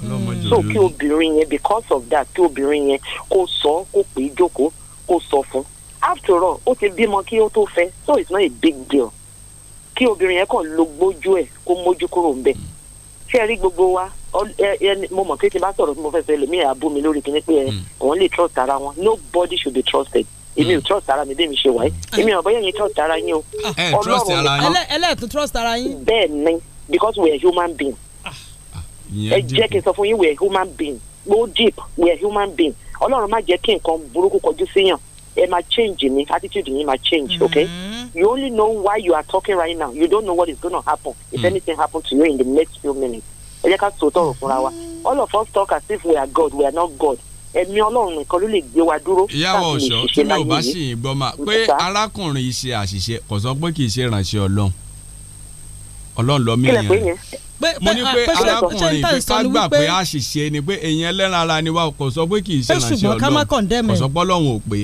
so kí obìnrin yẹn because of that kí obìnrin yẹn kó sọ kó pè é jókòó kó sọ fún after all ó ti bímọ kí ó tó fẹ́ so it's not a big deal kí obìnrin yẹn kàn lo gbójú ẹ̀ kó mójú kúrò ń bẹ̀ hmm. ṣẹ́rí gbogbo wa mo mọ̀ pé tí n bá sọ̀rọ̀ tí mo fẹ́ fẹ́ lómi ẹ̀ abú mi lórí kí ni pé ẹ̀ wọ́n lè trust ara wọn nobody should be trusted. Mm èmi ò hmm. trust ara mi bẹ́ẹ̀ mi ṣe wáyé hmm. èmi ò bẹ́ẹ̀ yẹn trust ara yín o ah, eh, ọlọ́run ẹlẹ́ẹ̀tún trust ara yín. bẹ́ẹ̀ ni because we are human being ah, ẹ jẹ́ kí n sọ fún yín we are human being go deep we are human being ọlọ́run má jẹ́ kí nǹkan burúkú kọjú síyàn ẹ máa change ni attitude yín máa change okay hmm. you only know why you are talking right now you don't know what is gonna happen if anything happen to you in the next few minutes ẹ jẹ́ ká sòótọ́ ọ̀rọ̀ fúnra wa all of us talk as if we are God we are not God ẹ̀mí ọlọ́run nìkan ló lè gbé wa dúró. ìyáwó ọ̀ṣọ́ tí mi ò bá sì ń gbọ́ máa pé arákùnrin yìí ṣe àṣìṣe kò sọ pé kì í ṣe ìrànṣẹ́ ọlọ́run ọlọ́run lọ́mí yẹn mo ní ah, pé arákùnrin pé ká gbà pé àṣìṣe ni pé èèyàn ẹlẹ́ran ara ni wa kò sọ pé kì í ṣe ìrànṣẹ́ ọlọ́run kò sọ pé ọlọ́run ò pé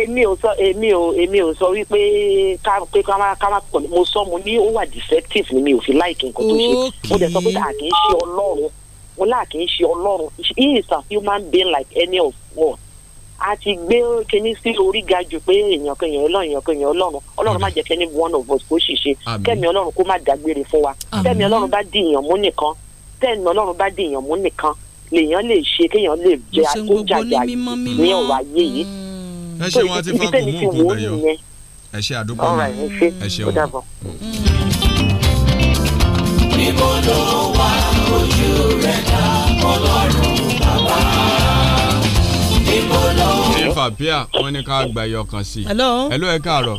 èmi ò sọ èmi ò èmi ò sọ wípé ká pé ká má ká má pọ̀ mo sọ mo ní ó wà defective ni mi ò fi láìkí nǹkan tó ṣe mo dẹ̀ sọ pé àkì í ṣe ọlọ́run Allah kì ṣe ọlọ́run he is a human being like any of us a ti gbé kíní sí orí ga jù pé èèyàn kan èèyàn ọlọ́run èèyàn kan èèyàn ọlọ́run ọlọ́run má jẹ́ kẹ́ni one of us kó ṣìṣe kẹ́mi ọlọ́run kó má dágbére fún wa kẹ́mi ọlọ́run bá di èèyàn mú nìkan tẹ́ẹ̀nì ọlọ́run bá di èèyàn mú nìkan lèèyàn lè ṣe kéèyàn lè jẹ àtúnjàjà ní ọ̀rọ̀ ayé yìí hmm. ẹ ṣe wọn ti fọkùn mú òkú dayọ ẹ ṣe àdúgbò náà ẹ ṣe wọn. Hmm. Hmm. níbo ojú rẹ̀ dá ọlọ́run bàbá. níbo ló. ṣé fàpíà wọn ní ká gba ẹyọ kan sí i. hello. hello ẹ káàárọ̀.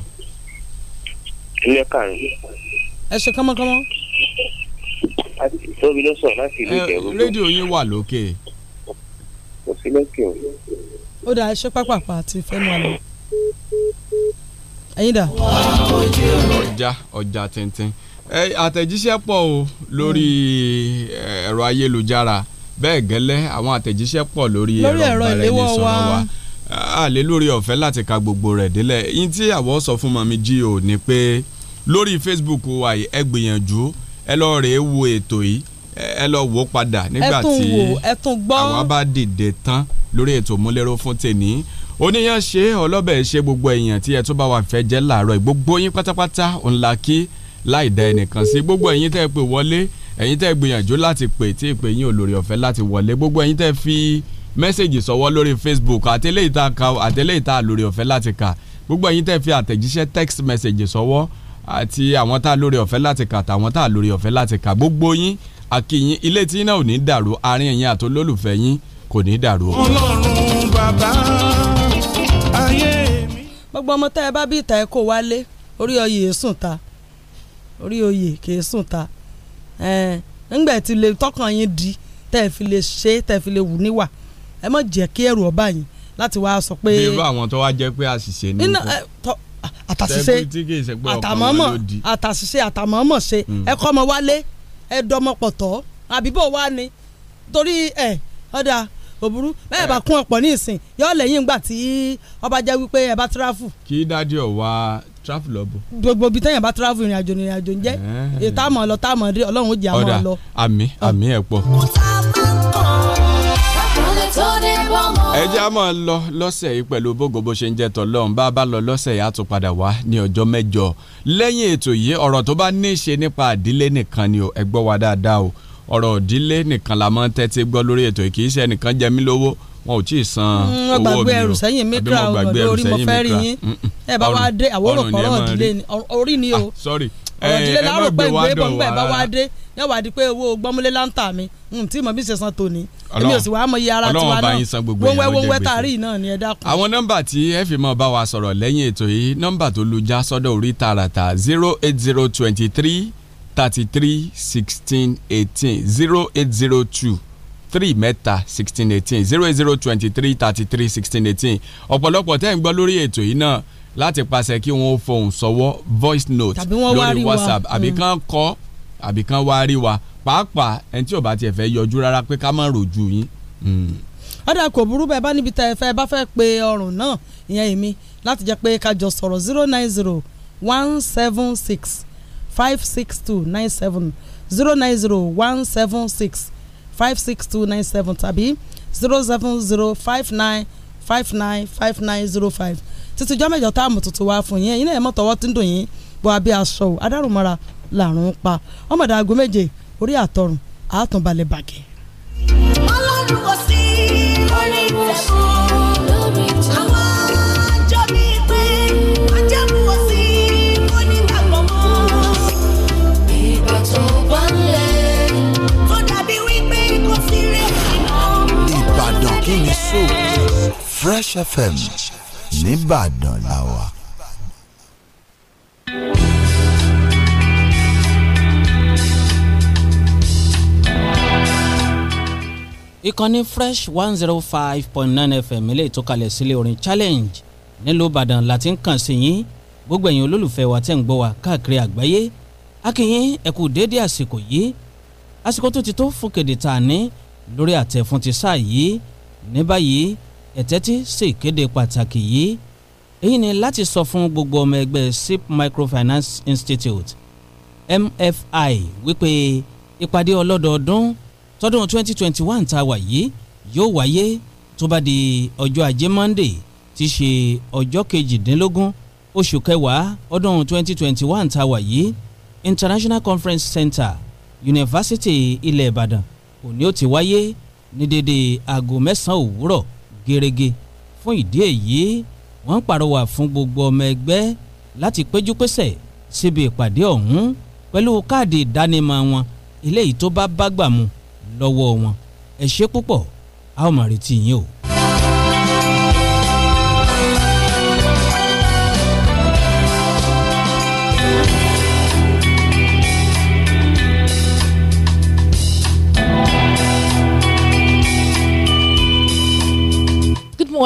ilé káàárọ̀. ẹ ṣe kánmọ́kánmọ́. tóbi ló sọ̀rọ̀ láti ìlú ìjẹ̀bú. rédíò yín wà lókè. kò sí lókè o. ó dà ẹ ṣe pápápá àti fẹ́mi wà lọ. ẹ̀yin dà. ọjà ọjà tíntín àtẹ̀jíṣẹ́ pọ̀ o lórí hmm. ẹ̀rọ ayélujára bẹ́ẹ̀ gẹ́lẹ́ àwọn àtẹ̀jíṣẹ́ pọ̀ lórí ẹ̀rọ ìbáraẹnisọ̀rọ̀ wa àlè lórí ọ̀fẹ́ láti ka gbogbo rẹ̀ délẹ̀ yín tí àwọ̀ sọ fún mọ̀mí jí o ni pé lórí Facebook wa yìí ẹ gbìyànjú ẹ lọ rèé wo ètò yìí ẹ lọ wò ó padà nígbà tí àwa bá dìde tán lórí ètò múlẹ́rọ́ fún tèmi oníyàn ṣe ọlọ́bẹ̀ ṣe gbogbo èèyàn tí ẹ tó bá wà fẹ́ jẹ́ làárọ̀ gbogbo yín pátápátá òun kí láì dá ẹnìkan sí gbogbo ẹ̀yin tẹ́ pè wọlé ẹ̀yin tẹ́ gbìyànjú láti pè tí ìpè yín ò lórí ọ̀fẹ́ láti wọlé gbogbo ẹ̀yin tẹ́ fi mẹ́sẹ̀gì sọ̀wọ́ lórí Facebook àtẹlẹ́ ìta ka àtẹlẹ́ ìta lórí ọ̀fẹ́ láti kà gbogbo ẹ̀yin tẹ́ fi àtẹ̀jíṣẹ́ text message sọ̀wọ́ àti àwọn tá lórí ọ̀fẹ́ láti kà àtàwọn tá lórí ọ̀fẹ́ láti kà gbogbo yín àkìyìn ilé tí náà ò ní dàrú àárín ẹ̀yin àtolólùfẹ́ yín kò ní dàrú. Ọlọ́run gbogbo ọmọ tá ẹ bá bí ìta ẹ kó wálé orí ọyẹ èsùn ta orí oyè kì í sùn ta ńgbà tí lè tọkàn yín di tẹ́ ẹ fi lè ṣe tẹ́ ẹ fi lè wù níwà ẹ má jẹ́ kí ẹrù ọba yín láti wá sọ pé. bí irú àwọn tó wá jẹ́ pé àṣìṣe ní nǹkan àtàṣìṣe àtàmọ́mọ́ àtàṣìṣe àtàmọ́mọ́ ṣe hmm. ẹ kọ́ ọmọ wálé ẹ dọ́mọ pọ̀tọ́ àbíbò wá ni torí ẹ ọ̀dà òburú bẹ́ẹ̀ bá kún ọ̀pọ̀ ní ìsìn yọ lẹ́yìn ìgbà tí ọba jẹ́ wípé ẹ bá tíráfù. kí dádì ọ̀ travel lọ bò. gbogbo ibi tẹ́yàn bá travel ìrìn àjò ìrìn àjò ń jẹ́ ètò àmọ́ lọ táàmọ́ rí ọlọ́run ó jẹ́ àmọ́ lọ. àmì àmì ẹ̀ pọ̀. ẹ jẹ́ àmọ́ lọ lọ́sẹ̀ yìí pẹ̀lú bógo bó ṣe ń jẹ́ tọ́lọ́run bá a bá lọ lọ́sẹ̀ yìí á tún padà wá ní ọjọ́ mẹ́jọ lẹ́yìn ètò yìí ọ̀rọ̀ tó bá ní í ṣe nípa àdílé nìkan ni o ẹ gbọ́ wa dáadáa o ọ̀rọ̀ òdílé nìkan la máa ń tẹ́tí gbọ́ lórí ètò yìí kì í ṣe ẹnìkan jẹ mí lówó wọn ò tí ì san mm, owó mi o gbàgbé ẹrù sẹ́yìn mẹ́kà o àbí orí mo fẹ́ rí mm, mm. ẹ bá wá dé àwòrò kọ̀ọ̀rọ̀ ìdílé ni orí ni ah, o ọ̀rọ̀ ìdílé pé ìwé bọ̀ nígbà bá wá dé yóò wá di pé owó gbọ́múlé láǹtà mi tí mo bí ṣe san èmi ò sì wá mọ iye ara tiwa náà wọ́n wẹ́ wọ́n wẹ́ tààrí náà ni ẹ àwọn nọ́mbà tí ẹ fi máa bá wa sọ̀rọ̀ lẹ́yìn ètò yìí nọ́mbà tó lu já sọ́dọ̀ orí tààràtà zero eight zero twenty three thirty three sixteen eighteen zero eight zero two three mẹ́ta sixteen eighteen zero zero twenty three thirty three sixteen eighteen ọ̀pọ̀lọpọ̀ tẹ́ ń gbọ́ lórí ètò yìí náà láti pàṣẹ kí wọ́n fohùn sọ́wọ́ voice note lórí whatsapp àbí mm. kan kọ́ àbí kan wá rí wa pàápàá ẹni tí ò bá tiẹ̀ fẹ́ yọjú rárá pé ká má rojú yín. ọ̀dà mm. kò burú bẹ́ẹ̀ bá níbi tẹ́ ẹ fẹ́ bá fẹ́ pe ọrùn náà ìyẹn èmi láti jẹ́ pé ká jọ sọ̀rọ̀ zero nine zero one seven six five six two nine seven zero nine zero one seven six five six two nine seven tàbí zero seven zero five nine five nine five nine zero five títí jọ́ mẹ́jọ táàmù tuntun wá fún yín ẹ̀yin náà ẹ̀ mọ́ tọwọ́ tí ń dùn yín bọ́ abẹ́ aṣọ ò adárùnmọ́ra làrùn ń pa ọmọdé aago méje orí àtọrùn àátúnbalẹ̀ bàgẹ́. ọlọ́run kò sí lórí. Fresh FM nìbàdàn la wà. ìkànnì fresh one zero oh five point nine fm ilé ìtúkalẹ̀ sílé orin challenge nílùú ìbàdàn láti ń kàn sí yín gbogbo ẹ̀yin olólùfẹ́ wa tẹ̀ ń gbọ́ wa káàkiri àgbáyé akínyìn ẹ kú déédé àsìkò yìí àsìkò tó ti tó fún kéde tá a ní lórí àtẹ̀ ti sáà yìí ní báyìí ẹ̀tẹ́tí sí ìkéde pàtàkì yìí èyí ni láti sọ fún gbogbo ọmọ ẹgbẹ́ sip microfinance institute mfi wípé ìpàdé ọlọ́dọọdún tọdún 2021 tá a wà yìí yóò wáyé tó bá di ọjọ́ ajé monday ti ṣe ọjọ́ kejìdínlógún oṣù kẹwàá ọdún 2021 tá a wà yìí international conference center yunifásitì ilẹ̀ ìbàdàn òní ó ti wáyé ní dédé aago mẹ́sàn-án òwúrọ̀ gerege fún ìdí èyí wọ́n ń pàrọwà fún gbogbo ọmọ ẹgbẹ́ láti péjúpésẹ̀ síbi ìpàdé ọ̀hún pẹ̀lú káàdì ìdánimọ̀ wọn eléyìí tó bá bá gbà mu lọ́wọ́ wọn ẹ ṣé púpọ̀ a ó máa retí yín o.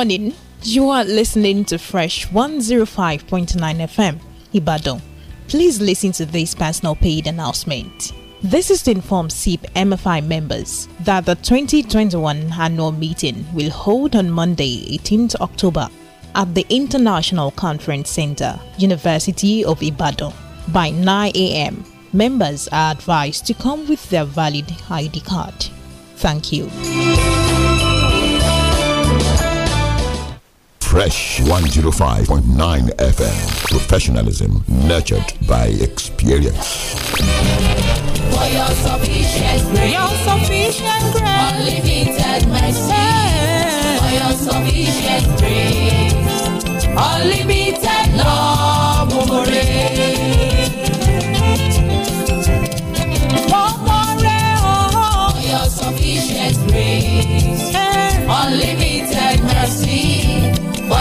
morning. You are listening to Fresh 105.9 FM, Ibadan. Please listen to this personal paid announcement. This is to inform SIP MFI members that the 2021 annual meeting will hold on Monday, 18th October at the International Conference Center, University of Ibadan, by 9 a.m. Members are advised to come with their valid ID card. Thank you. Fresh 105.9 FM. Professionalism nurtured by experience. For your sufficient grace. Your sufficient grace. Unlimited mercy. For your sufficient grace. Unlimited love, One more For your sufficient grace. Unlimited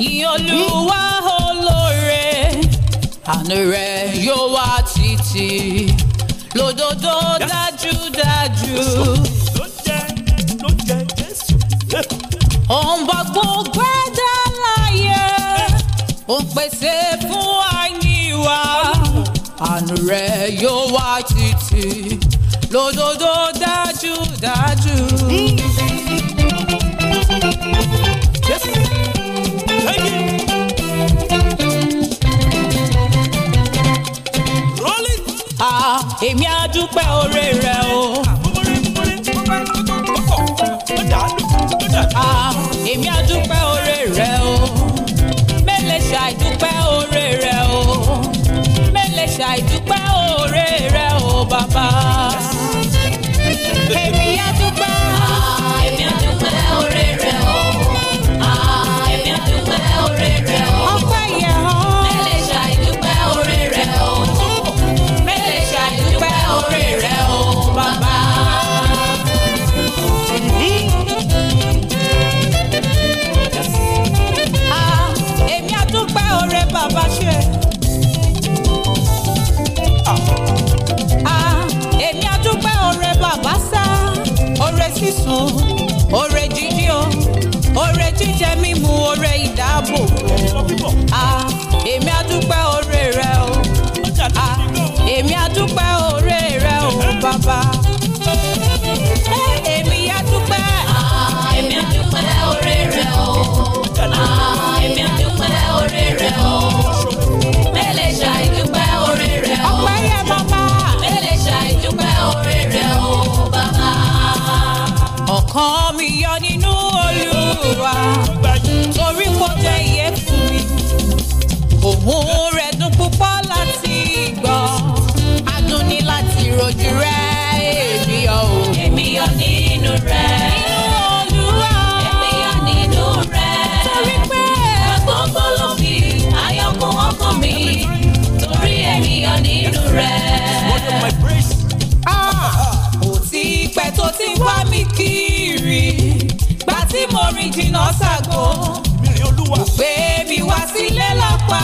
Yìn Olúwa olóore àánú rẹ̀ yóò wà títí lódodo dájúdájú. Ó ń bá gbogbo ẹ̀dá láyé ó ń pèsè fún àìníwá àánú rẹ̀ yóò wà títí lódodo dájúdájú. oore rẹ o. èmi á dúpẹ́ jẹ mímu oore ìdáàbòbò a ah, èmi àdúpẹ́ oore rẹ o a ah, èmi àdúpẹ́ oore rẹ o bàbá èmi àdúpẹ́ ah, èmi àdúpẹ́ oore rẹ o èmi àdúpẹ́ oore rẹ o mẹ́lẹ̀ ṣàìdúpẹ́ oore rẹ o ọpẹ́ yẹ bàbá mẹ́lẹ̀ ṣàìdúpẹ́ oore rẹ o bàbá ọkàn mi yọ nínú olú àdúrà torí kò jẹ́ iye fún mi òun rẹ̀ dùn púpọ̀ láti gbọ́ adùn ni láti rojú rẹ̀ èmi ọ̀ èmi ọ̀ nínú rẹ̀. mi torí ènìyàn nínú rẹ̀. ti ah! pẹ́ tó ti wá mi kí mi jìnnà ṣàgó. Ìrìn olúwa. Gbé mi wá sílé lápá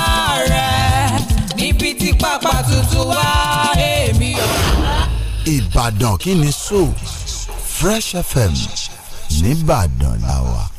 rẹ̀ níbi tí pápá tuntun wá èmi ò. Ìbàdàn kí ni so Fresh FM nìbàdàn làwà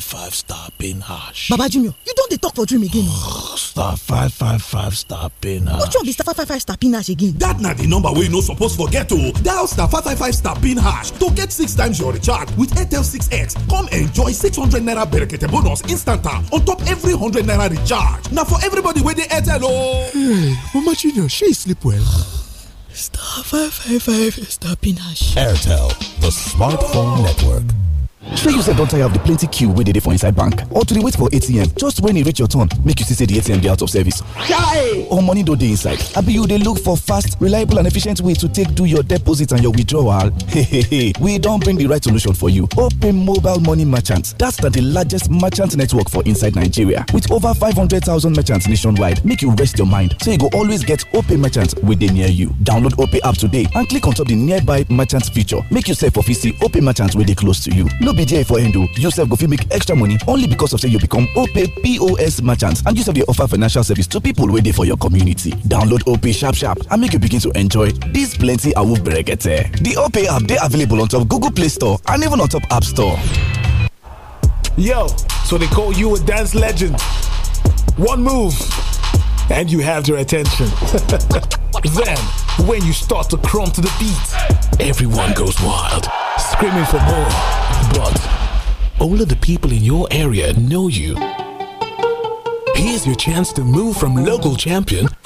five five star pin hash. baba junior you don't dey talk for dream again. Oh, star five five five star pin hash. What you one be star five five five star pin hash again. That na the number wey you no suppose forget o oh. dial star five five five star pin hash to get six times your recharge with airtel 6x come enjoy six hundred naira berekete bonus instant on top every hundred naira recharge na for everybody wey dey airtel o. Oh. Hey, mama junior she sleep well. star five five five star pin hash. airtel the smartphone network shey you sef don tire of di plenty queue wey dey for inside bank or to dey wait for atm just when e reach your turn make you see say di atm dey out of service or money no dey inside abi you dey look for fast reliable and efficient way to take do your deposit and your withdrawal [LAUGHS] we don bring di right solution for you open mobile money merchant that's na di largest merchant network for inside nigeria with over 500000 merchants nationwide make you rest your mind so you go always get open merchant wey dey near you download open app today and click on top di nearby merchant feature make you sef for fit see open merchant wey dey close to you no be there for endo yourself go fit make extra money only because of say you become OP pos merchant and yourself they offer financial service to people waiting for your community download OP sharp sharp and make you begin to enjoy this plenty will it there. The OP app they available on top google play store and even on top app store. yo so they call you a dance legend one move and you have their attention. [LAUGHS] then, when you start to crumb to the beat, everyone goes wild screaming for more. But all of the people in your area know you. Here's your chance to move from local champion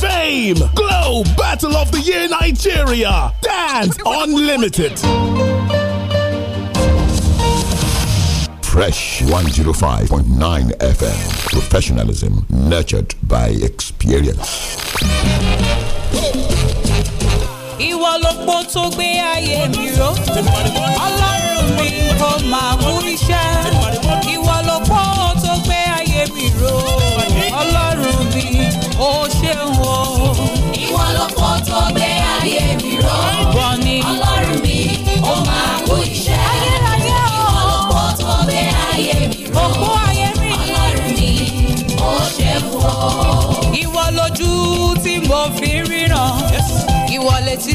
Fame, Glow Battle of the Year Nigeria, Dance Unlimited. Fresh 105.9 FM. Professionalism nurtured by experience. Ìwọ ló pọ̀ tó gbé ayé mi ró. Ọlọ́run mi kò máa mú iṣẹ́. Ìwọ ló pọ̀ tó gbé ayé mi ró. gbé ayé mi ró. Ọlọ́run mi, ó máa kú iṣẹ́. Ayérayé o. Ìkọlọ́pọ̀ tó gbé ayé mi ró. Òkú ayé mi. Ọlọ́run mi, ó ṣe fún ọ. Ìwọ lójú tí mo fi ríran. Ìwọ létí.